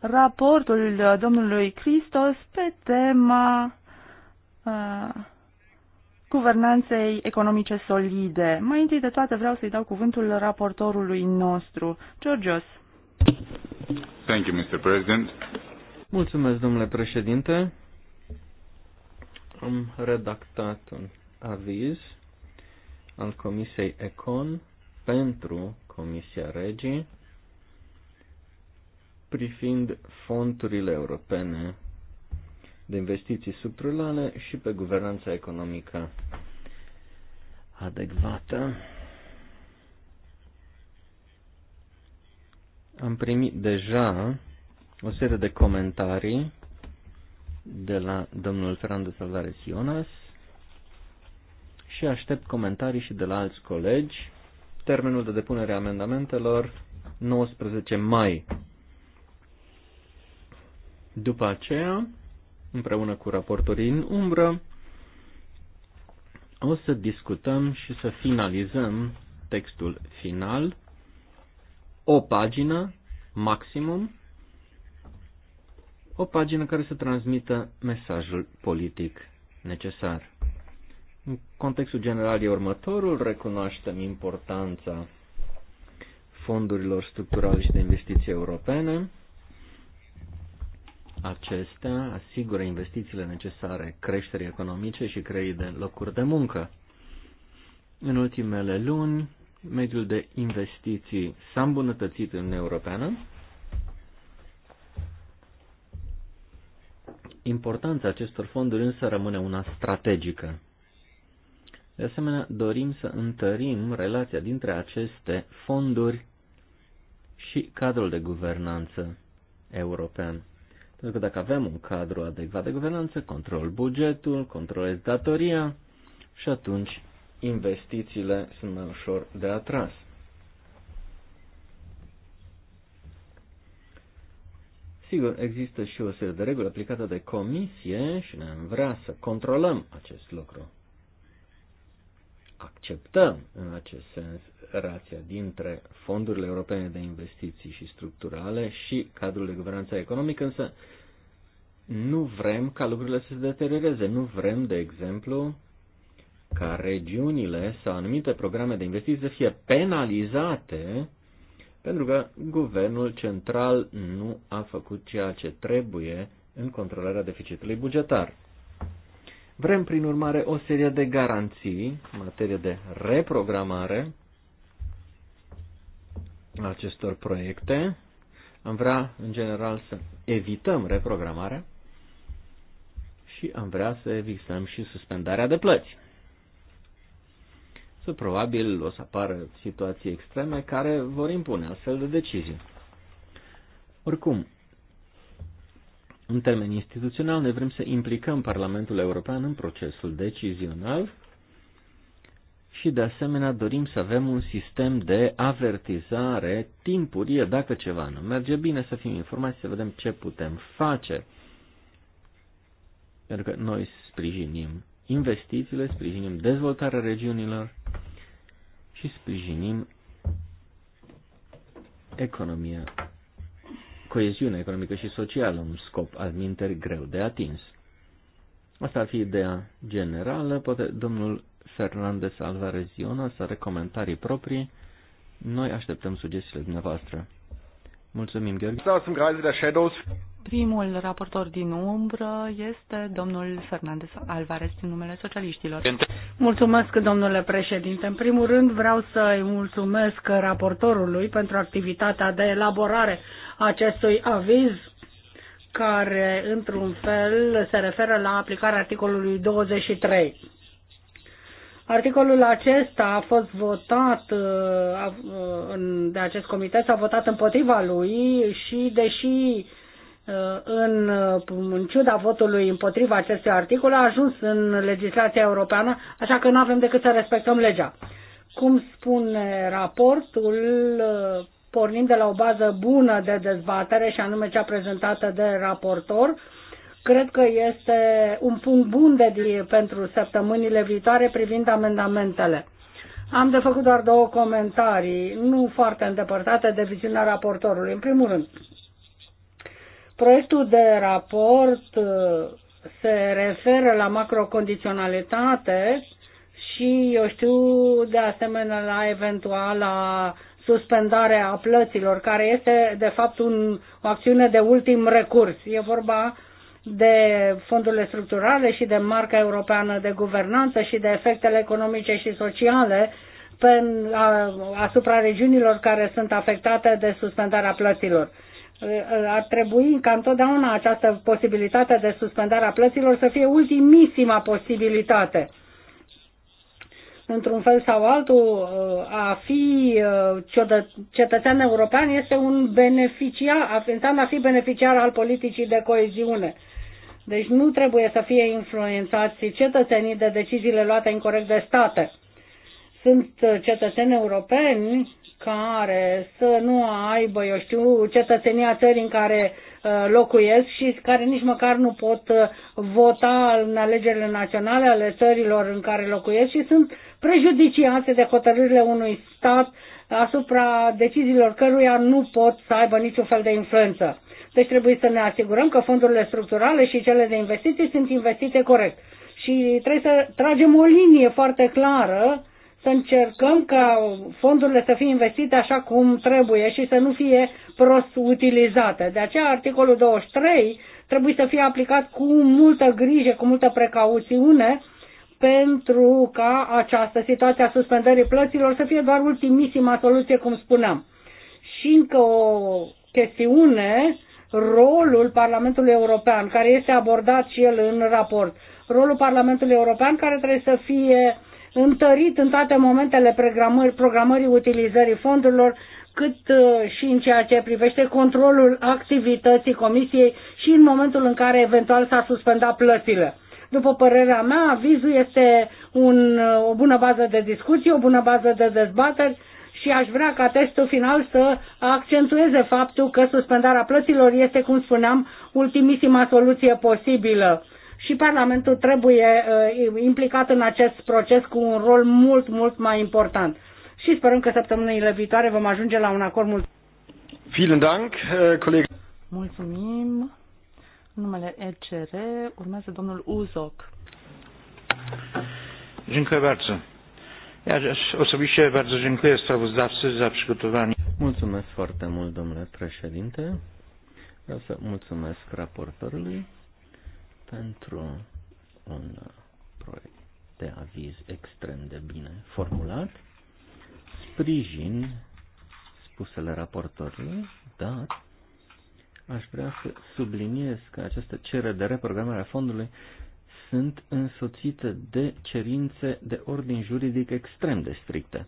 raportul domnului Cristos pe tema uh, guvernanței economice solide. Mai întâi de toate vreau să-i dau cuvântul raportorului nostru, Georgios. Thank you, Mr. President. Mulțumesc, domnule președinte. Am redactat un aviz al Comisiei Econ pentru Comisia Regii privind fondurile europene de investiții subtrulane și pe guvernanța economică adecvată. Am primit deja o serie de comentarii de la domnul Fernando Salvares Ionas și aștept comentarii și de la alți colegi. Termenul de depunere a amendamentelor 19 mai. După aceea, împreună cu raportorii în umbră, o să discutăm și să finalizăm textul final, o pagină maximum, o pagină care să transmită mesajul politic necesar. În contextul general e următorul, recunoaștem importanța fondurilor structurale și de investiții europene. Acestea asigură investițiile necesare creșterii economice și creării de locuri de muncă. În ultimele luni, mediul de investiții s-a îmbunătățit în Uniunea Europeană, Importanța acestor fonduri însă rămâne una strategică. De asemenea, dorim să întărim relația dintre aceste fonduri și cadrul de guvernanță european. Pentru că dacă avem un cadru adecvat de guvernanță, control bugetul, controlez datoria și atunci investițiile sunt mai ușor de atras. Sigur, există și o serie de reguli aplicată de comisie și ne-am vrea să controlăm acest lucru. Acceptăm, în acest sens, rația dintre fondurile europene de investiții și structurale și cadrul de guvernanță economică, însă nu vrem ca lucrurile să se deterioreze. Nu vrem, de exemplu, ca regiunile sau anumite programe de investiții să fie penalizate pentru că guvernul central nu a făcut ceea ce trebuie în controlarea deficitului bugetar. Vrem, prin urmare, o serie de garanții în materie de reprogramare acestor proiecte. Am vrea, în general, să evităm reprogramarea și am vrea să evităm și suspendarea de plăți să probabil o să apară situații extreme care vor impune astfel de decizii. Oricum, în termeni instituțional, ne vrem să implicăm Parlamentul European în procesul decizional și, de asemenea, dorim să avem un sistem de avertizare timpurie dacă ceva nu merge bine, să fim informați, să vedem ce putem face. Pentru că noi sprijinim investițiile, sprijinim dezvoltarea regiunilor și sprijinim economia, coeziunea economică și socială, un scop adminter greu de atins. Asta ar fi ideea generală. Poate domnul Fernandez Alvarez Iona să are comentarii proprii. Noi așteptăm sugestiile dumneavoastră. Mulțumim, Gheorghe. Primul raportor din umbră este domnul Fernandez Alvarez din numele socialiștilor. Mulțumesc, domnule președinte. În primul rând vreau să-i mulțumesc raportorului pentru activitatea de elaborare a acestui aviz care, într-un fel, se referă la aplicarea articolului 23. Articolul acesta a fost votat uh, uh, de acest comitet, s-a votat împotriva lui și, deși Uh, în, uh, în ciuda votului împotriva acestui articol, a ajuns în legislația europeană, așa că nu avem decât să respectăm legea. Cum spune raportul, uh, pornim de la o bază bună de dezbatere și anume cea prezentată de raportor. Cred că este un punct bun de, pentru săptămânile viitoare privind amendamentele. Am de făcut doar două comentarii, nu foarte îndepărtate de viziunea raportorului. În primul rând, Proiectul de raport uh, se referă la macrocondiționalitate și, eu știu, de asemenea la eventuala suspendare a plăților, care este, de fapt, un, o acțiune de ultim recurs. E vorba de fondurile structurale și de marca europeană de guvernanță și de efectele economice și sociale pe, a, asupra regiunilor care sunt afectate de suspendarea plăților ar trebui ca întotdeauna această posibilitate de suspendare a plăților să fie ultimisima posibilitate. Într-un fel sau altul, a fi uh, cetățean european este un beneficiar, înseamnă a fi beneficiar al politicii de coeziune. Deci nu trebuie să fie influențați cetățenii de deciziile luate incorrect de state. Sunt uh, cetățeni europeni care să nu aibă, eu știu, cetățenia țării în care uh, locuiesc și care nici măcar nu pot uh, vota în alegerile naționale ale țărilor în care locuiesc și sunt prejudiciate de hotărârile unui stat uh, asupra deciziilor căruia nu pot să aibă niciun fel de influență. Deci trebuie să ne asigurăm că fondurile structurale și cele de investiții sunt investite corect. Și trebuie să tragem o linie foarte clară să încercăm ca fondurile să fie investite așa cum trebuie și să nu fie prost utilizate. De aceea articolul 23 trebuie să fie aplicat cu multă grijă, cu multă precauțiune, pentru ca această situație a suspendării plăților să fie doar ultimisima soluție, cum spuneam. Și încă o chestiune, rolul Parlamentului European, care este abordat și el în raport, rolul Parlamentului European care trebuie să fie întărit în toate momentele programări, programării utilizării fondurilor, cât uh, și în ceea ce privește controlul activității comisiei și în momentul în care eventual s-a suspendat plățile. După părerea mea, avizul este un, uh, o bună bază de discuții, o bună bază de dezbateri și aș vrea ca testul final să accentueze faptul că suspendarea plăților este, cum spuneam, ultimisima soluție posibilă și Parlamentul trebuie uh, implicat în acest proces cu un rol mult, mult mai important. Și sperăm că săptămânile viitoare vom ajunge la un acord mult. Vielen Dank, uh, coleg. Mulțumim. Numele ECR urmează domnul Uzok. Dziękuję bardzo. Ja osobiście bardzo dziękuję sprawozdawcy za przygotowanie. Mulțumesc foarte mult, domnule președinte. Vreau să mulțumesc raportorului pentru un proiect de aviz extrem de bine formulat. Sprijin spusele raportorului, dar aș vrea să subliniez că aceste cereri de reprogramare a fondului sunt însoțite de cerințe de ordin juridic extrem de stricte.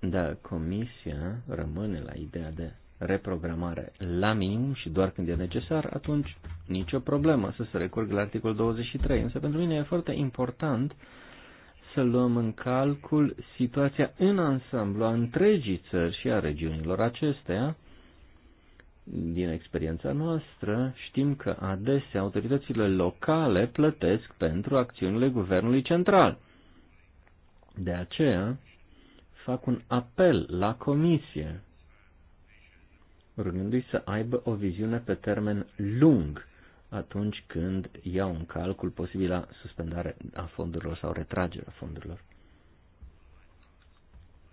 Da, comisia rămâne la ideea de reprogramare la minim și doar când e necesar, atunci nicio problemă să se recurgă la articolul 23. Însă pentru mine e foarte important să luăm în calcul situația în ansamblu a întregii țări și a regiunilor acesteia. Din experiența noastră știm că adesea autoritățile locale plătesc pentru acțiunile guvernului central. De aceea fac un apel la comisie rugându-i să aibă o viziune pe termen lung atunci când iau în calcul posibila suspendare a fondurilor sau retragerea fondurilor.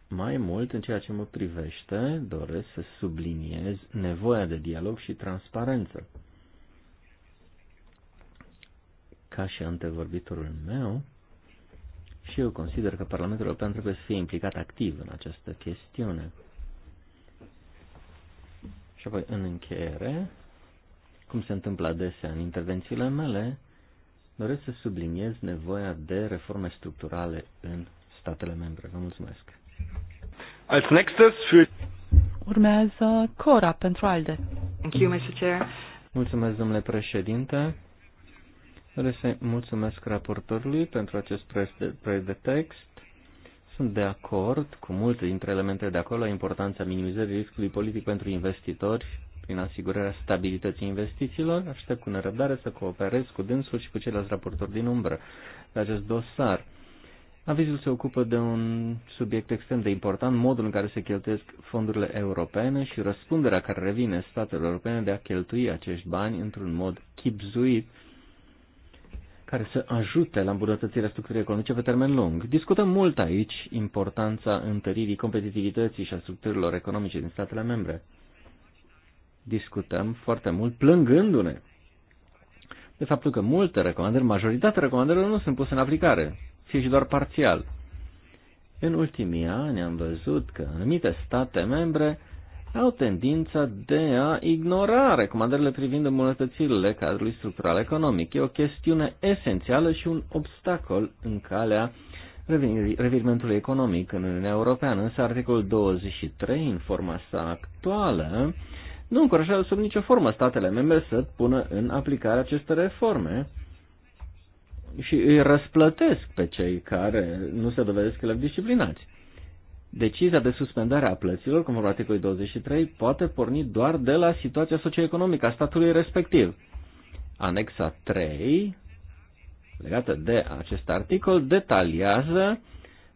Mai mult, în ceea ce mă privește, doresc să subliniez nevoia de dialog și transparență. Ca și antevorbitorul meu, și eu consider că Parlamentul European trebuie să fie implicat activ în această chestiune. Și apoi, în încheiere, cum se întâmplă adesea în intervențiile mele, doresc să subliniez nevoia de reforme structurale în statele membre. Vă mulțumesc! Als nächstes für... Urmează Cora pentru ALDE. Thank you, Mr. Chair. Mulțumesc, domnule președinte. Doresc să mulțumesc raportorului pentru acest proiect de text. Sunt de acord cu multe dintre elementele de acolo, importanța minimizării riscului politic pentru investitori prin asigurarea stabilității investițiilor. Aștept cu nerăbdare să cooperez cu dânsul și cu ceilalți raportori din umbră de acest dosar. Avizul se ocupă de un subiect extrem de important, modul în care se cheltuiesc fondurile europene și răspunderea care revine statelor europene de a cheltui acești bani într-un mod chipzuit care să ajute la îmbunătățirea structurii economice pe termen lung. Discutăm mult aici importanța întăririi competitivității și a structurilor economice din statele membre. Discutăm foarte mult plângându-ne de faptul că multe recomandări, majoritatea recomandărilor nu sunt puse în aplicare, fie și doar parțial. În ultimii ani am văzut că anumite state membre au tendința de a ignora recomandările privind îmbunătățirile cadrului structural economic. E o chestiune esențială și un obstacol în calea revirmentului economic în Uniunea Europeană, însă articolul 23, în forma sa actuală, nu încurajează sub nicio formă statele membre să pună în aplicare aceste reforme și îi răsplătesc pe cei care nu se dovedesc că le disciplinați. Decizia de suspendare a plăților, conform articolului 23, poate porni doar de la situația socioeconomică a statului respectiv. Anexa 3, legată de acest articol, detaliază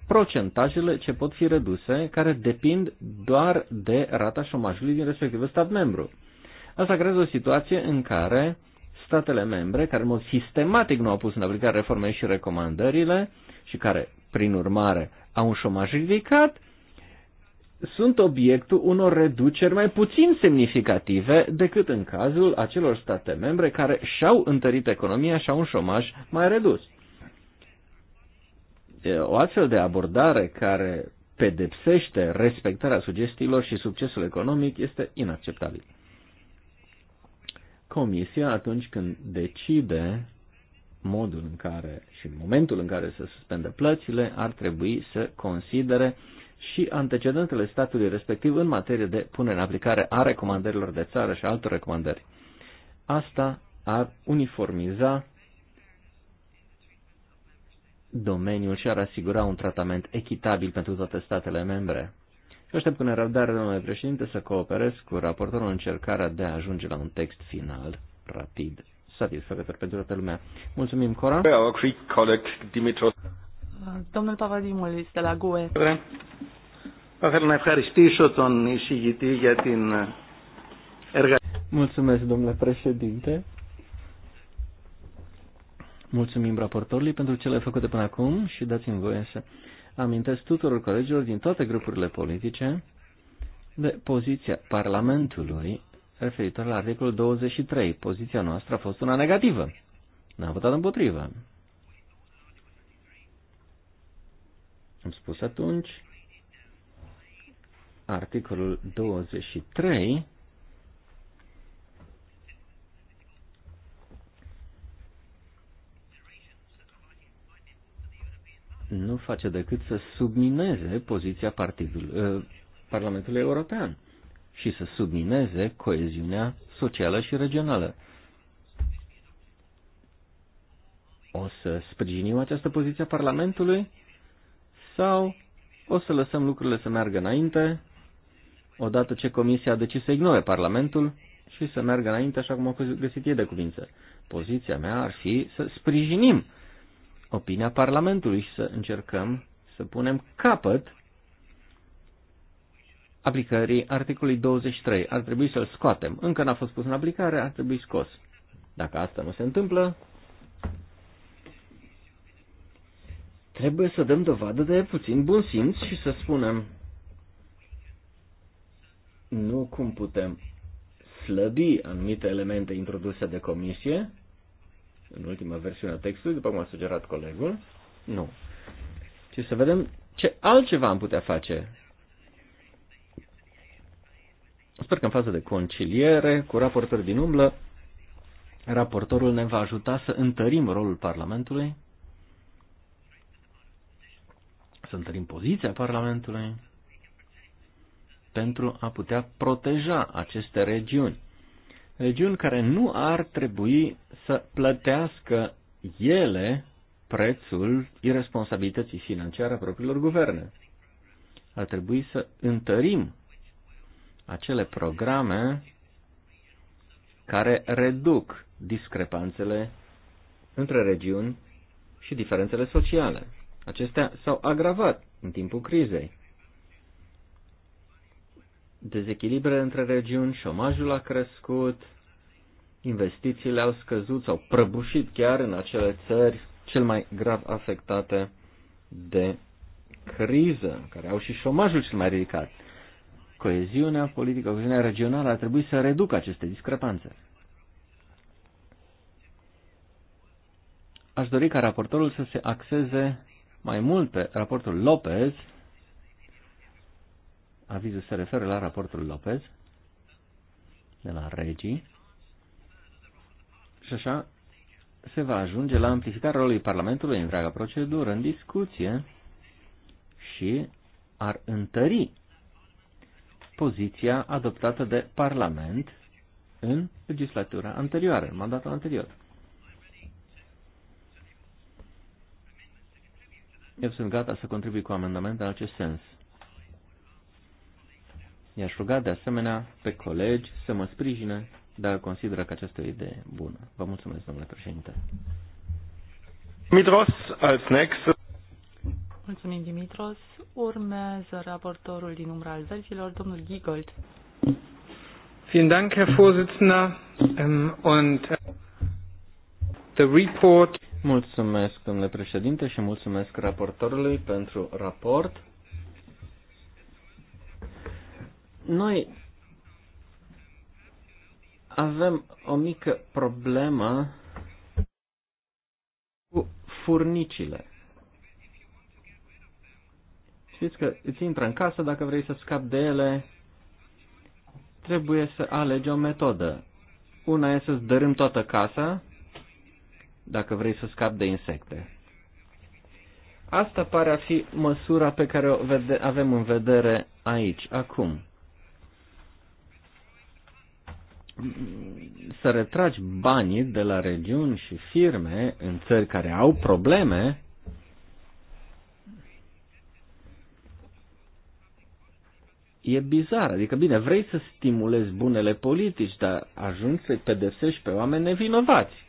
procentajele ce pot fi reduse, care depind doar de rata șomajului din respectivul stat membru. Asta creează o situație în care statele membre, care în mod sistematic nu au pus în aplicare reformele și recomandările și care, prin urmare, au un șomaj ridicat, sunt obiectul unor reduceri mai puțin semnificative decât în cazul acelor state membre care și-au întărit economia și au un șomaj mai redus. O astfel de abordare care pedepsește respectarea sugestiilor și succesul economic este inacceptabil. Comisia, atunci când decide modul în care și momentul în care să suspende plățile, ar trebui să considere uh, și antecedentele statului respectiv în materie de punere în aplicare a recomandărilor de țară și altor recomandări. Asta ar uniformiza domeniul și ar asigura un tratament echitabil pentru toate statele membre. Eu aștept cu nerăbdare, domnule președinte, să cooperez cu raportorul în încercarea de a ajunge la un text final rapid satisfăcător pentru toată lumea. Mulțumim, Cora. Our Greek colleague Dimitros. Domnul Παπαδήμολης de la GUE. Θα ήθελα να ευχαριστήσω τον εισηγητή για την εργασία. Mulțumesc, domnule președinte. Mulțumim raportorului pentru cele făcute până acum și dați-mi voie să amintesc tuturor colegilor din toate grupurile politice de poziția Parlamentului referitor la articolul 23. Poziția noastră a fost una negativă. N-am votat împotrivă. am spus atunci, articolul 23 nu face decât să submineze poziția partidului, ă, Parlamentului European și să submineze coeziunea socială și regională. O să sprijinim această poziție a Parlamentului? sau o să lăsăm lucrurile să meargă înainte, odată ce Comisia a decis să ignore Parlamentul și să meargă înainte așa cum au găsit ei de cuvință. Poziția mea ar fi să sprijinim opinia Parlamentului și să încercăm să punem capăt aplicării articolului 23. Ar trebui să-l scoatem. Încă n-a fost pus în aplicare, ar trebui scos. Dacă asta nu se întâmplă, Trebuie să dăm dovadă de puțin bun simț și să spunem nu cum putem slăbi anumite elemente introduse de comisie în ultima versiune a textului, după cum a sugerat colegul. Nu. Ci să vedem ce altceva am putea face. Sper că în fază de conciliere cu raportări din umblă, raportorul ne va ajuta să întărim rolul Parlamentului să întărim poziția Parlamentului pentru a putea proteja aceste regiuni. Regiuni care nu ar trebui să plătească ele prețul irresponsabilității financiare a propriilor guverne. Ar trebui să întărim acele programe care reduc discrepanțele între regiuni și diferențele sociale. Acestea s-au agravat în timpul crizei. Dezechilibre între regiuni, șomajul a crescut, investițiile au scăzut sau prăbușit chiar în acele țări cel mai grav afectate de criză, care au și șomajul cel mai ridicat. Coeziunea politică, coeziunea regională a trebuit să reducă aceste discrepanțe. Aș dori ca raportorul să se axeze mai mult, pe raportul Lopez, avizul se referă la raportul Lopez, de la regii, și așa se va ajunge la amplificarea rolului Parlamentului în întreaga procedură, în discuție și ar întări poziția adoptată de Parlament în legislatura anterioară, în mandatul anterior. Eu sunt gata să contribui cu amendamente în acest sens. I-aș ruga de asemenea pe colegi să mă sprijine dacă consideră că această idee bună. Vă mulțumesc, domnule președinte. Dimitros, als next. Mulțumim, Dimitros. Urmează raportorul din umbra al verzilor, domnul Giegold. Vielen Dank, Herr Vorsitzender. Ähm, und äh, the report Mulțumesc, domnule președinte, și mulțumesc raportorului pentru raport. Noi avem o mică problemă cu furnicile. Știți că îți intră în casă dacă vrei să scapi de ele, trebuie să alegi o metodă. Una e să-ți dărâm toată casa, dacă vrei să scapi de insecte. Asta pare a fi măsura pe care o vede- avem în vedere aici, acum. Să retragi banii de la regiuni și firme în țări care au probleme e bizar. Adică, bine, vrei să stimulezi bunele politici, dar ajungi să-i pedepsești pe oameni nevinovați.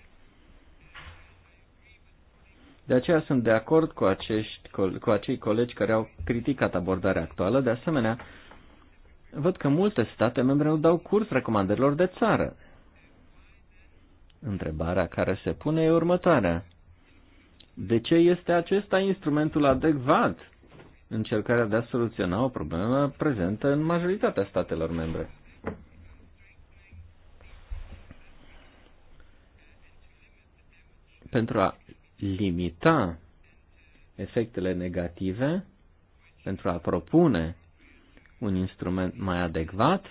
De aceea sunt de acord cu, acești, cu acei colegi care au criticat abordarea actuală. De asemenea, văd că multe state membre nu dau curs recomandărilor de țară. Întrebarea care se pune e următoarea. De ce este acesta instrumentul adecvat în cercarea de a soluționa o problemă prezentă în majoritatea statelor membre? Pentru a limita efectele negative pentru a propune un instrument mai adecvat,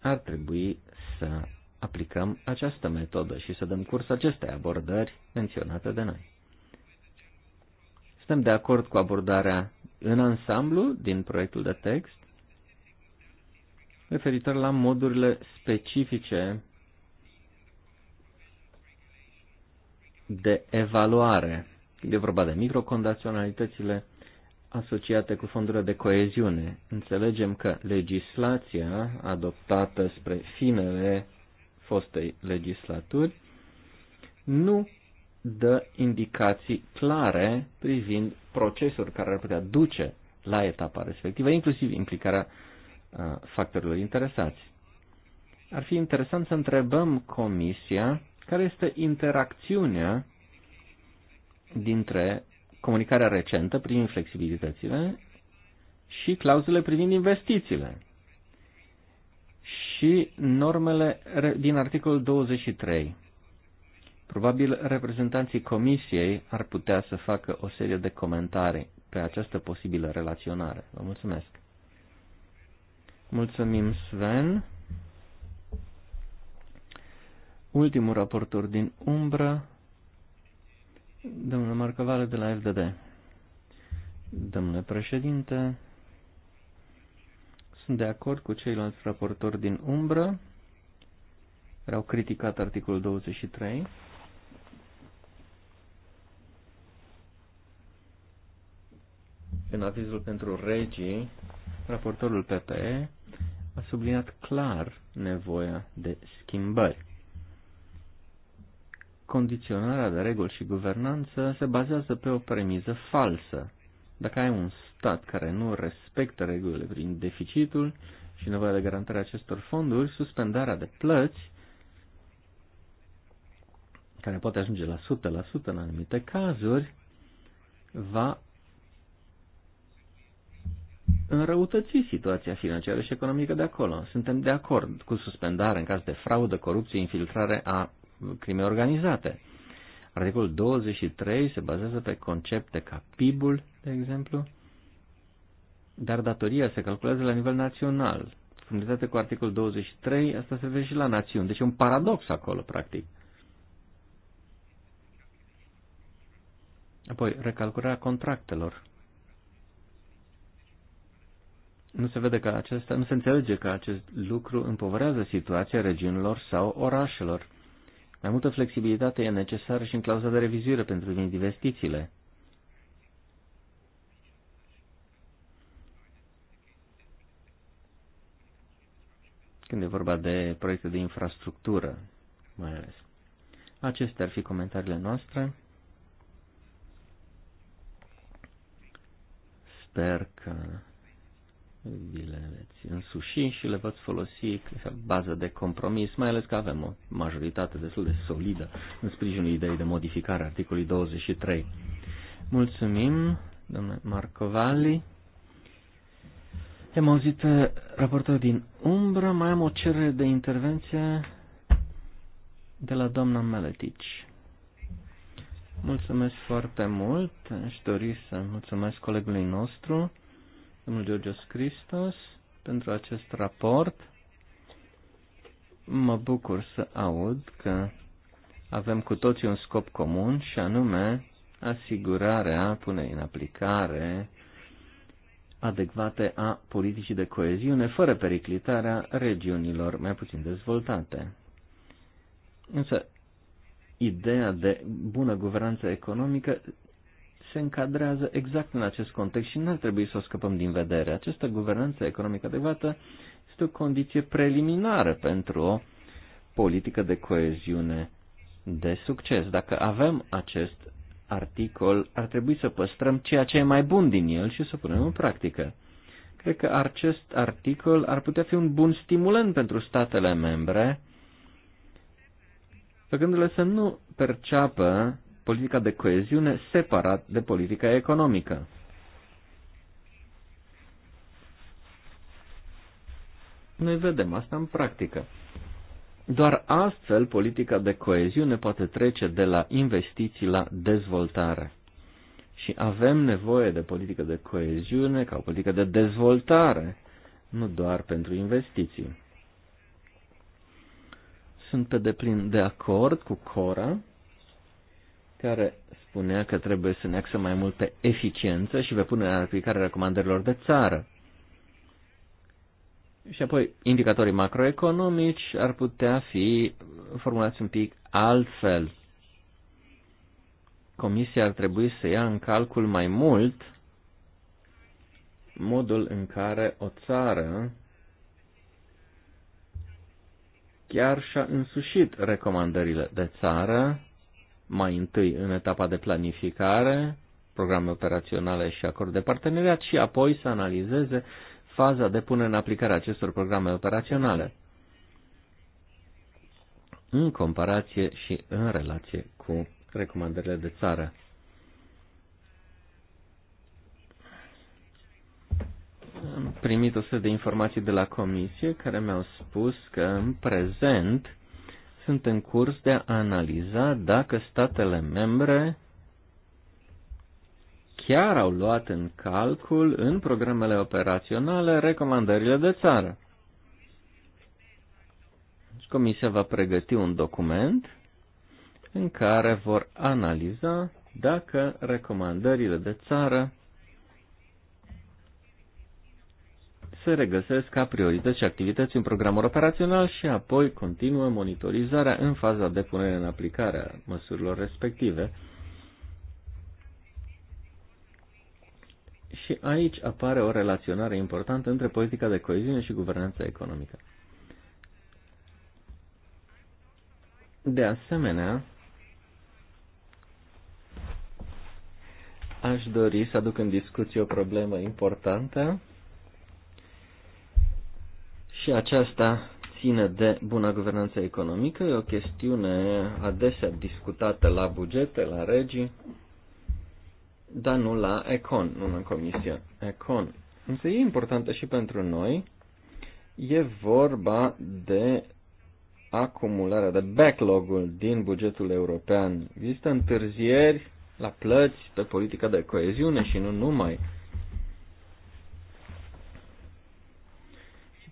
ar trebui să aplicăm această metodă și să dăm curs acestei abordări menționate de noi. Suntem de acord cu abordarea în ansamblu din proiectul de text referitor la modurile specifice de evaluare. e vorba de microcondaționalitățile asociate cu fondurile de coeziune, înțelegem că legislația adoptată spre finele fostei legislaturi nu dă indicații clare privind procesul care ar putea duce la etapa respectivă, inclusiv implicarea factorilor interesați. Ar fi interesant să întrebăm Comisia care este interacțiunea dintre comunicarea recentă prin flexibilitățile și clauzele privind investițiile și normele din articolul 23. Probabil reprezentanții comisiei ar putea să facă o serie de comentarii pe această posibilă relaționare. Vă mulțumesc! Mulțumim, Sven! ultimul raportor din umbră, domnul Marcovale de la FDD. Domnule președinte, sunt de acord cu ceilalți raportori din umbră, care au criticat articolul 23. În avizul pentru regii, raportorul PPE a subliniat clar nevoia de schimbări condiționarea de reguli și guvernanță se bazează pe o premiză falsă. Dacă ai un stat care nu respectă regulile prin deficitul și nevoia de garantare acestor fonduri, suspendarea de plăți, care poate ajunge la 100% în anumite cazuri, va înrăutăți situația financiară și economică de acolo. Suntem de acord cu suspendare în caz de fraudă, corupție, infiltrare a crime organizate. Articolul 23 se bazează pe concepte ca PIB-ul, de exemplu, dar datoria se calculează la nivel național. Funditate cu articolul 23, asta se vede și la națiuni. Deci e un paradox acolo, practic. Apoi, recalcularea contractelor. Nu se vede că acesta, nu se înțelege că acest lucru împovărează situația regiunilor sau orașelor. Mai multă flexibilitate e necesară și în clauza de revizuire pentru investițiile. Când e vorba de proiecte de infrastructură, mai ales. Acestea ar fi comentariile noastre. Sper că le veți însuși și le veți folosi ca bază de compromis, mai ales că avem o majoritate destul de solidă în sprijinul ideii de modificare a articolului 23. Mulțumim, domnule Marcovalli. Am auzit eh, raportul din umbră, mai am o cerere de intervenție de la doamna Meletici. Mulțumesc foarte mult, aș dori să mulțumesc colegului nostru domnul Georgios Christos pentru acest raport. Mă bucur să aud că avem cu toții un scop comun și anume asigurarea punei în aplicare adecvate a politicii de coeziune fără periclitarea regiunilor mai puțin dezvoltate. Însă, ideea de bună guvernanță economică se încadrează exact în acest context și nu ar trebui să o scăpăm din vedere. Această guvernanță economică adecvată este o condiție preliminară pentru o politică de coeziune de succes. Dacă avem acest articol, ar trebui să păstrăm ceea ce e mai bun din el și să punem în practică. Cred că acest articol ar putea fi un bun stimulant pentru statele membre, făcându-le să nu perceapă politica de coeziune separat de politica economică. Noi vedem asta în practică. Doar astfel politica de coeziune poate trece de la investiții la dezvoltare. Și avem nevoie de politică de coeziune ca o politică de dezvoltare, nu doar pentru investiții. Sunt pe deplin de acord cu Cora care spunea că trebuie să ne axăm mai mult pe eficiență și pe punerea în aplicare recomandărilor de țară. Și apoi, indicatorii macroeconomici ar putea fi formulați un pic altfel. Comisia ar trebui să ia în calcul mai mult modul în care o țară chiar și-a însușit recomandările de țară mai întâi în etapa de planificare, programe operaționale și acord de parteneriat și apoi să analizeze faza de pune în aplicare a acestor programe operaționale în comparație și în relație cu recomandările de țară. Am primit o serie de informații de la comisie care mi-au spus că în prezent sunt în curs de a analiza dacă statele membre chiar au luat în calcul în programele operaționale recomandările de țară. Deci comisia va pregăti un document în care vor analiza dacă recomandările de țară se regăsesc ca priorități și activități în programul operațional și apoi continuă monitorizarea în faza de punere în aplicare a măsurilor respective. Și aici apare o relaționare importantă între politica de coeziune și guvernanța economică. De asemenea, aș dori să aduc în discuție o problemă importantă și aceasta ține de bună guvernanță economică, e o chestiune adesea discutată la bugete, la regii, dar nu la Econ, nu în Comisia Econ. Însă e importantă și pentru noi, e vorba de acumularea, de backlog-ul din bugetul european. Există întârzieri la plăți pe politica de coeziune și nu numai.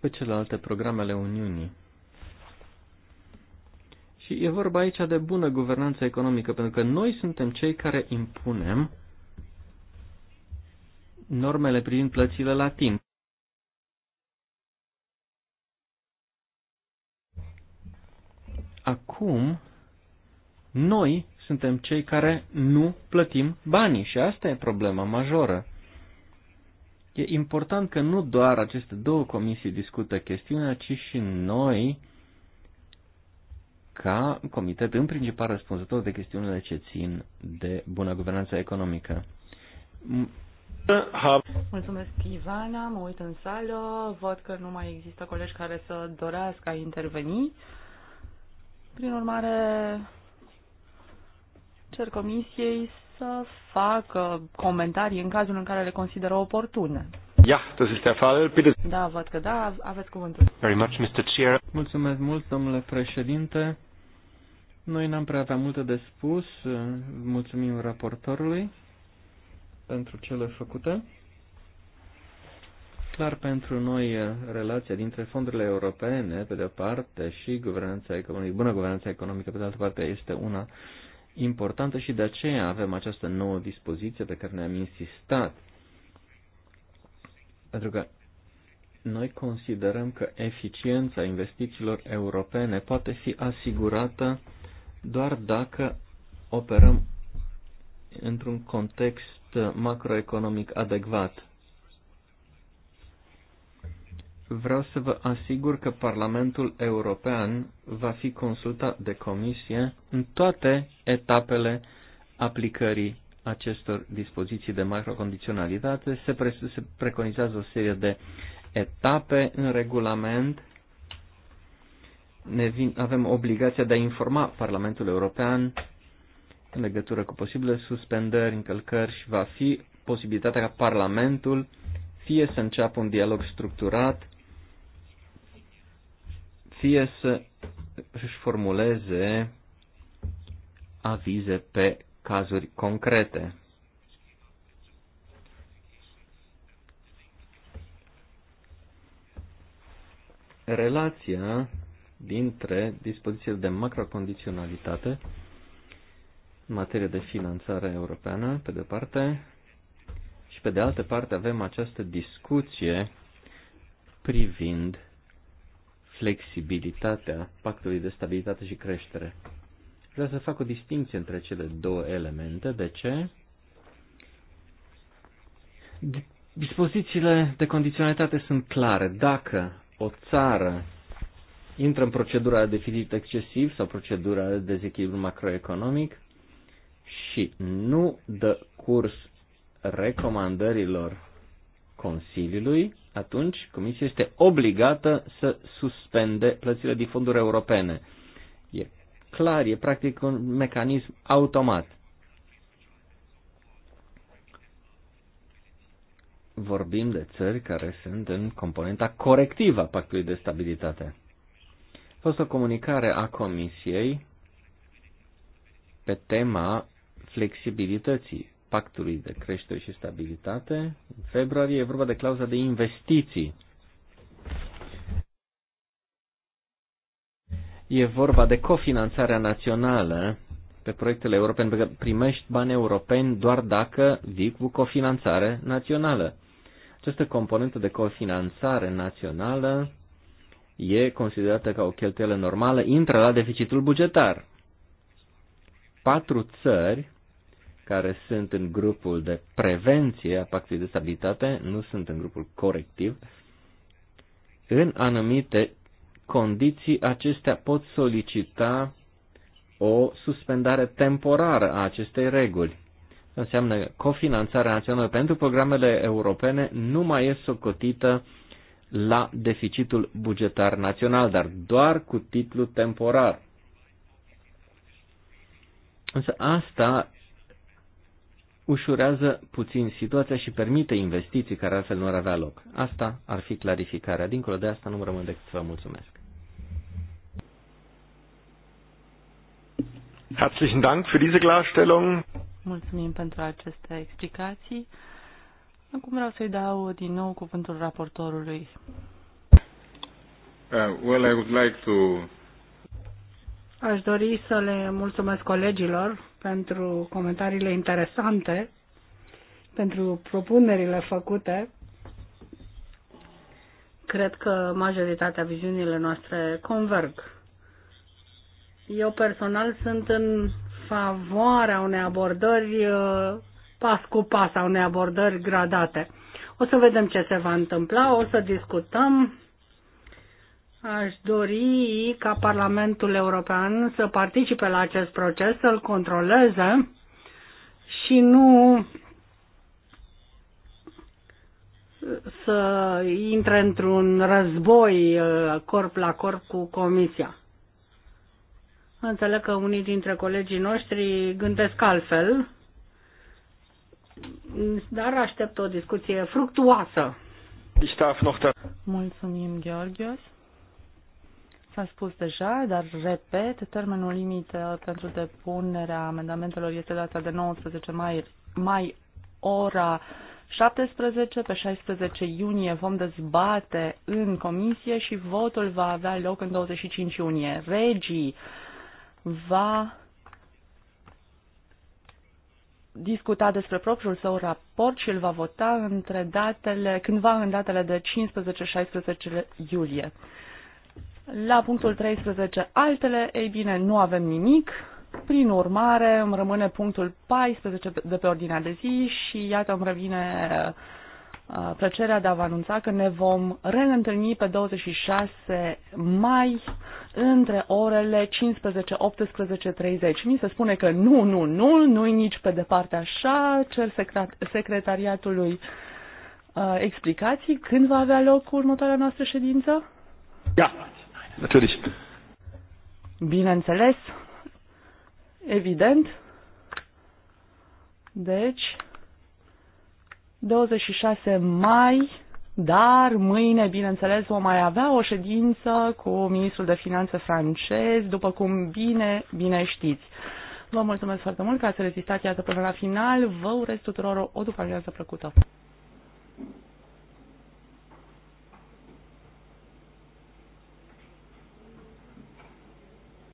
pe celelalte programe ale Uniunii. Și e vorba aici de bună guvernanță economică, pentru că noi suntem cei care impunem normele privind plățile la timp. Acum, noi suntem cei care nu plătim banii și asta e problema majoră. E important că nu doar aceste două comisii discută chestiunea, ci și noi, ca comitet în principal răspunzător de chestiunile ce țin de bună guvernanță economică. Mulțumesc, Ivana. Mă uit în sală. Văd că nu mai există colegi care să dorească a interveni. Prin urmare, cer comisiei să facă comentarii în cazul în care le consideră oportune. Ja, das ist der Fall. Bitte. Da, văd că da, aveți cuvântul. Very much, Mr. Chair. Mulțumesc mult, domnule președinte. Noi n-am prea avea multe de spus. Mulțumim raportorului pentru cele făcute. Clar pentru noi relația dintre fondurile europene, pe de-o parte, și guvernanța economică, bună guvernanța economică, pe de altă parte, este una uh, importantă și de aceea avem această nouă dispoziție pe care ne-am insistat. Pentru că noi considerăm că eficiența investițiilor europene poate fi asigurată doar dacă operăm într-un context macroeconomic adecvat vreau să vă asigur că Parlamentul European va fi consultat de Comisie în toate etapele aplicării acestor dispoziții de macrocondiționalitate. Se, pre- se preconizează o serie de etape în regulament. Ne vin, avem obligația de a informa Parlamentul European în legătură cu posibile suspendări, încălcări și va fi posibilitatea ca Parlamentul fie să înceapă un dialog structurat, fie să își formuleze avize pe cazuri concrete. Relația dintre dispozițiile de macrocondiționalitate în materie de finanțare europeană, pe de parte, și pe de altă parte avem această discuție privind flexibilitatea pactului de stabilitate și creștere. Vreau să fac o distinție între cele două elemente. De ce? Dispozițiile de condiționalitate sunt clare. Dacă o țară intră în procedura de deficit excesiv sau procedura de dezechilibru macroeconomic și nu dă curs recomandărilor Consiliului, atunci Comisia este obligată să suspende plățile din fonduri europene. E clar, e practic un mecanism automat. Vorbim de țări care sunt în componenta corectivă a pactului de stabilitate. A fost o comunicare a Comisiei pe tema flexibilității Pactului de Creștere și Stabilitate. În februarie e vorba de clauza de investiții. E vorba de cofinanțarea națională pe proiectele europene, pentru că primești bani europeni doar dacă vii cu cofinanțare națională. Această componentă de cofinanțare națională e considerată ca o cheltuială normală, intră la deficitul bugetar. Patru țări care sunt în grupul de prevenție a pactului de stabilitate, nu sunt în grupul corectiv, în anumite condiții acestea pot solicita o suspendare temporară a acestei reguli. Înseamnă că cofinanțarea națională pentru programele europene nu mai e socotită la deficitul bugetar național, dar doar cu titlu temporar. Însă asta ușurează puțin situația și permite investiții care altfel nu ar avea loc. Asta ar fi clarificarea. Dincolo de asta nu rămân decât să vă mulțumesc. Herzlichen Dank für diese Klarstellung. Mulțumim pentru aceste explicații. Acum vreau să-i dau din nou cuvântul raportorului. Uh, well, I would like to Aș dori să le mulțumesc colegilor pentru comentariile interesante, pentru propunerile făcute. Cred că majoritatea viziunile noastre converg. Eu personal sunt în favoarea unei abordări uh, pas cu pas, a unei abordări gradate. O să vedem ce se va întâmpla, o să discutăm Aș dori ca Parlamentul European să participe la acest proces, să-l controleze și nu să intre într-un război uh, corp la corp cu Comisia. Înțeleg că unii dintre colegii noștri gândesc altfel, dar aștept o discuție fructuoasă. Mulțumim, Gheorghios. S-a spus deja, dar repet, termenul limită uh, pentru depunerea amendamentelor este data de 19 mai, mai ora 17. Pe 16 iunie vom dezbate în comisie și votul va avea loc în 25 iunie. Regii va discuta despre propriul său raport și îl va vota între datele, cândva în datele de 15-16 iulie. La punctul 13 altele, ei bine, nu avem nimic. Prin urmare, îmi rămâne punctul 14 de pe ordinea de zi și iată îmi revine plăcerea de a vă anunța că ne vom reîntâlni pe 26 mai între orele 15-18.30. Mi se spune că nu, nu, nu, nu-i nici pe departe așa, cer secretariatului uh, explicații când va avea loc următoarea noastră ședință? Da, Natürlich. Bineînțeles. Evident. Deci, 26 mai, dar mâine, bineînțeles, vom mai avea o ședință cu ministrul de finanțe francez, după cum bine, bine știți. Vă mulțumesc foarte mult că ați rezistat, iată, până la final. Vă urez tuturor o după amiază plăcută.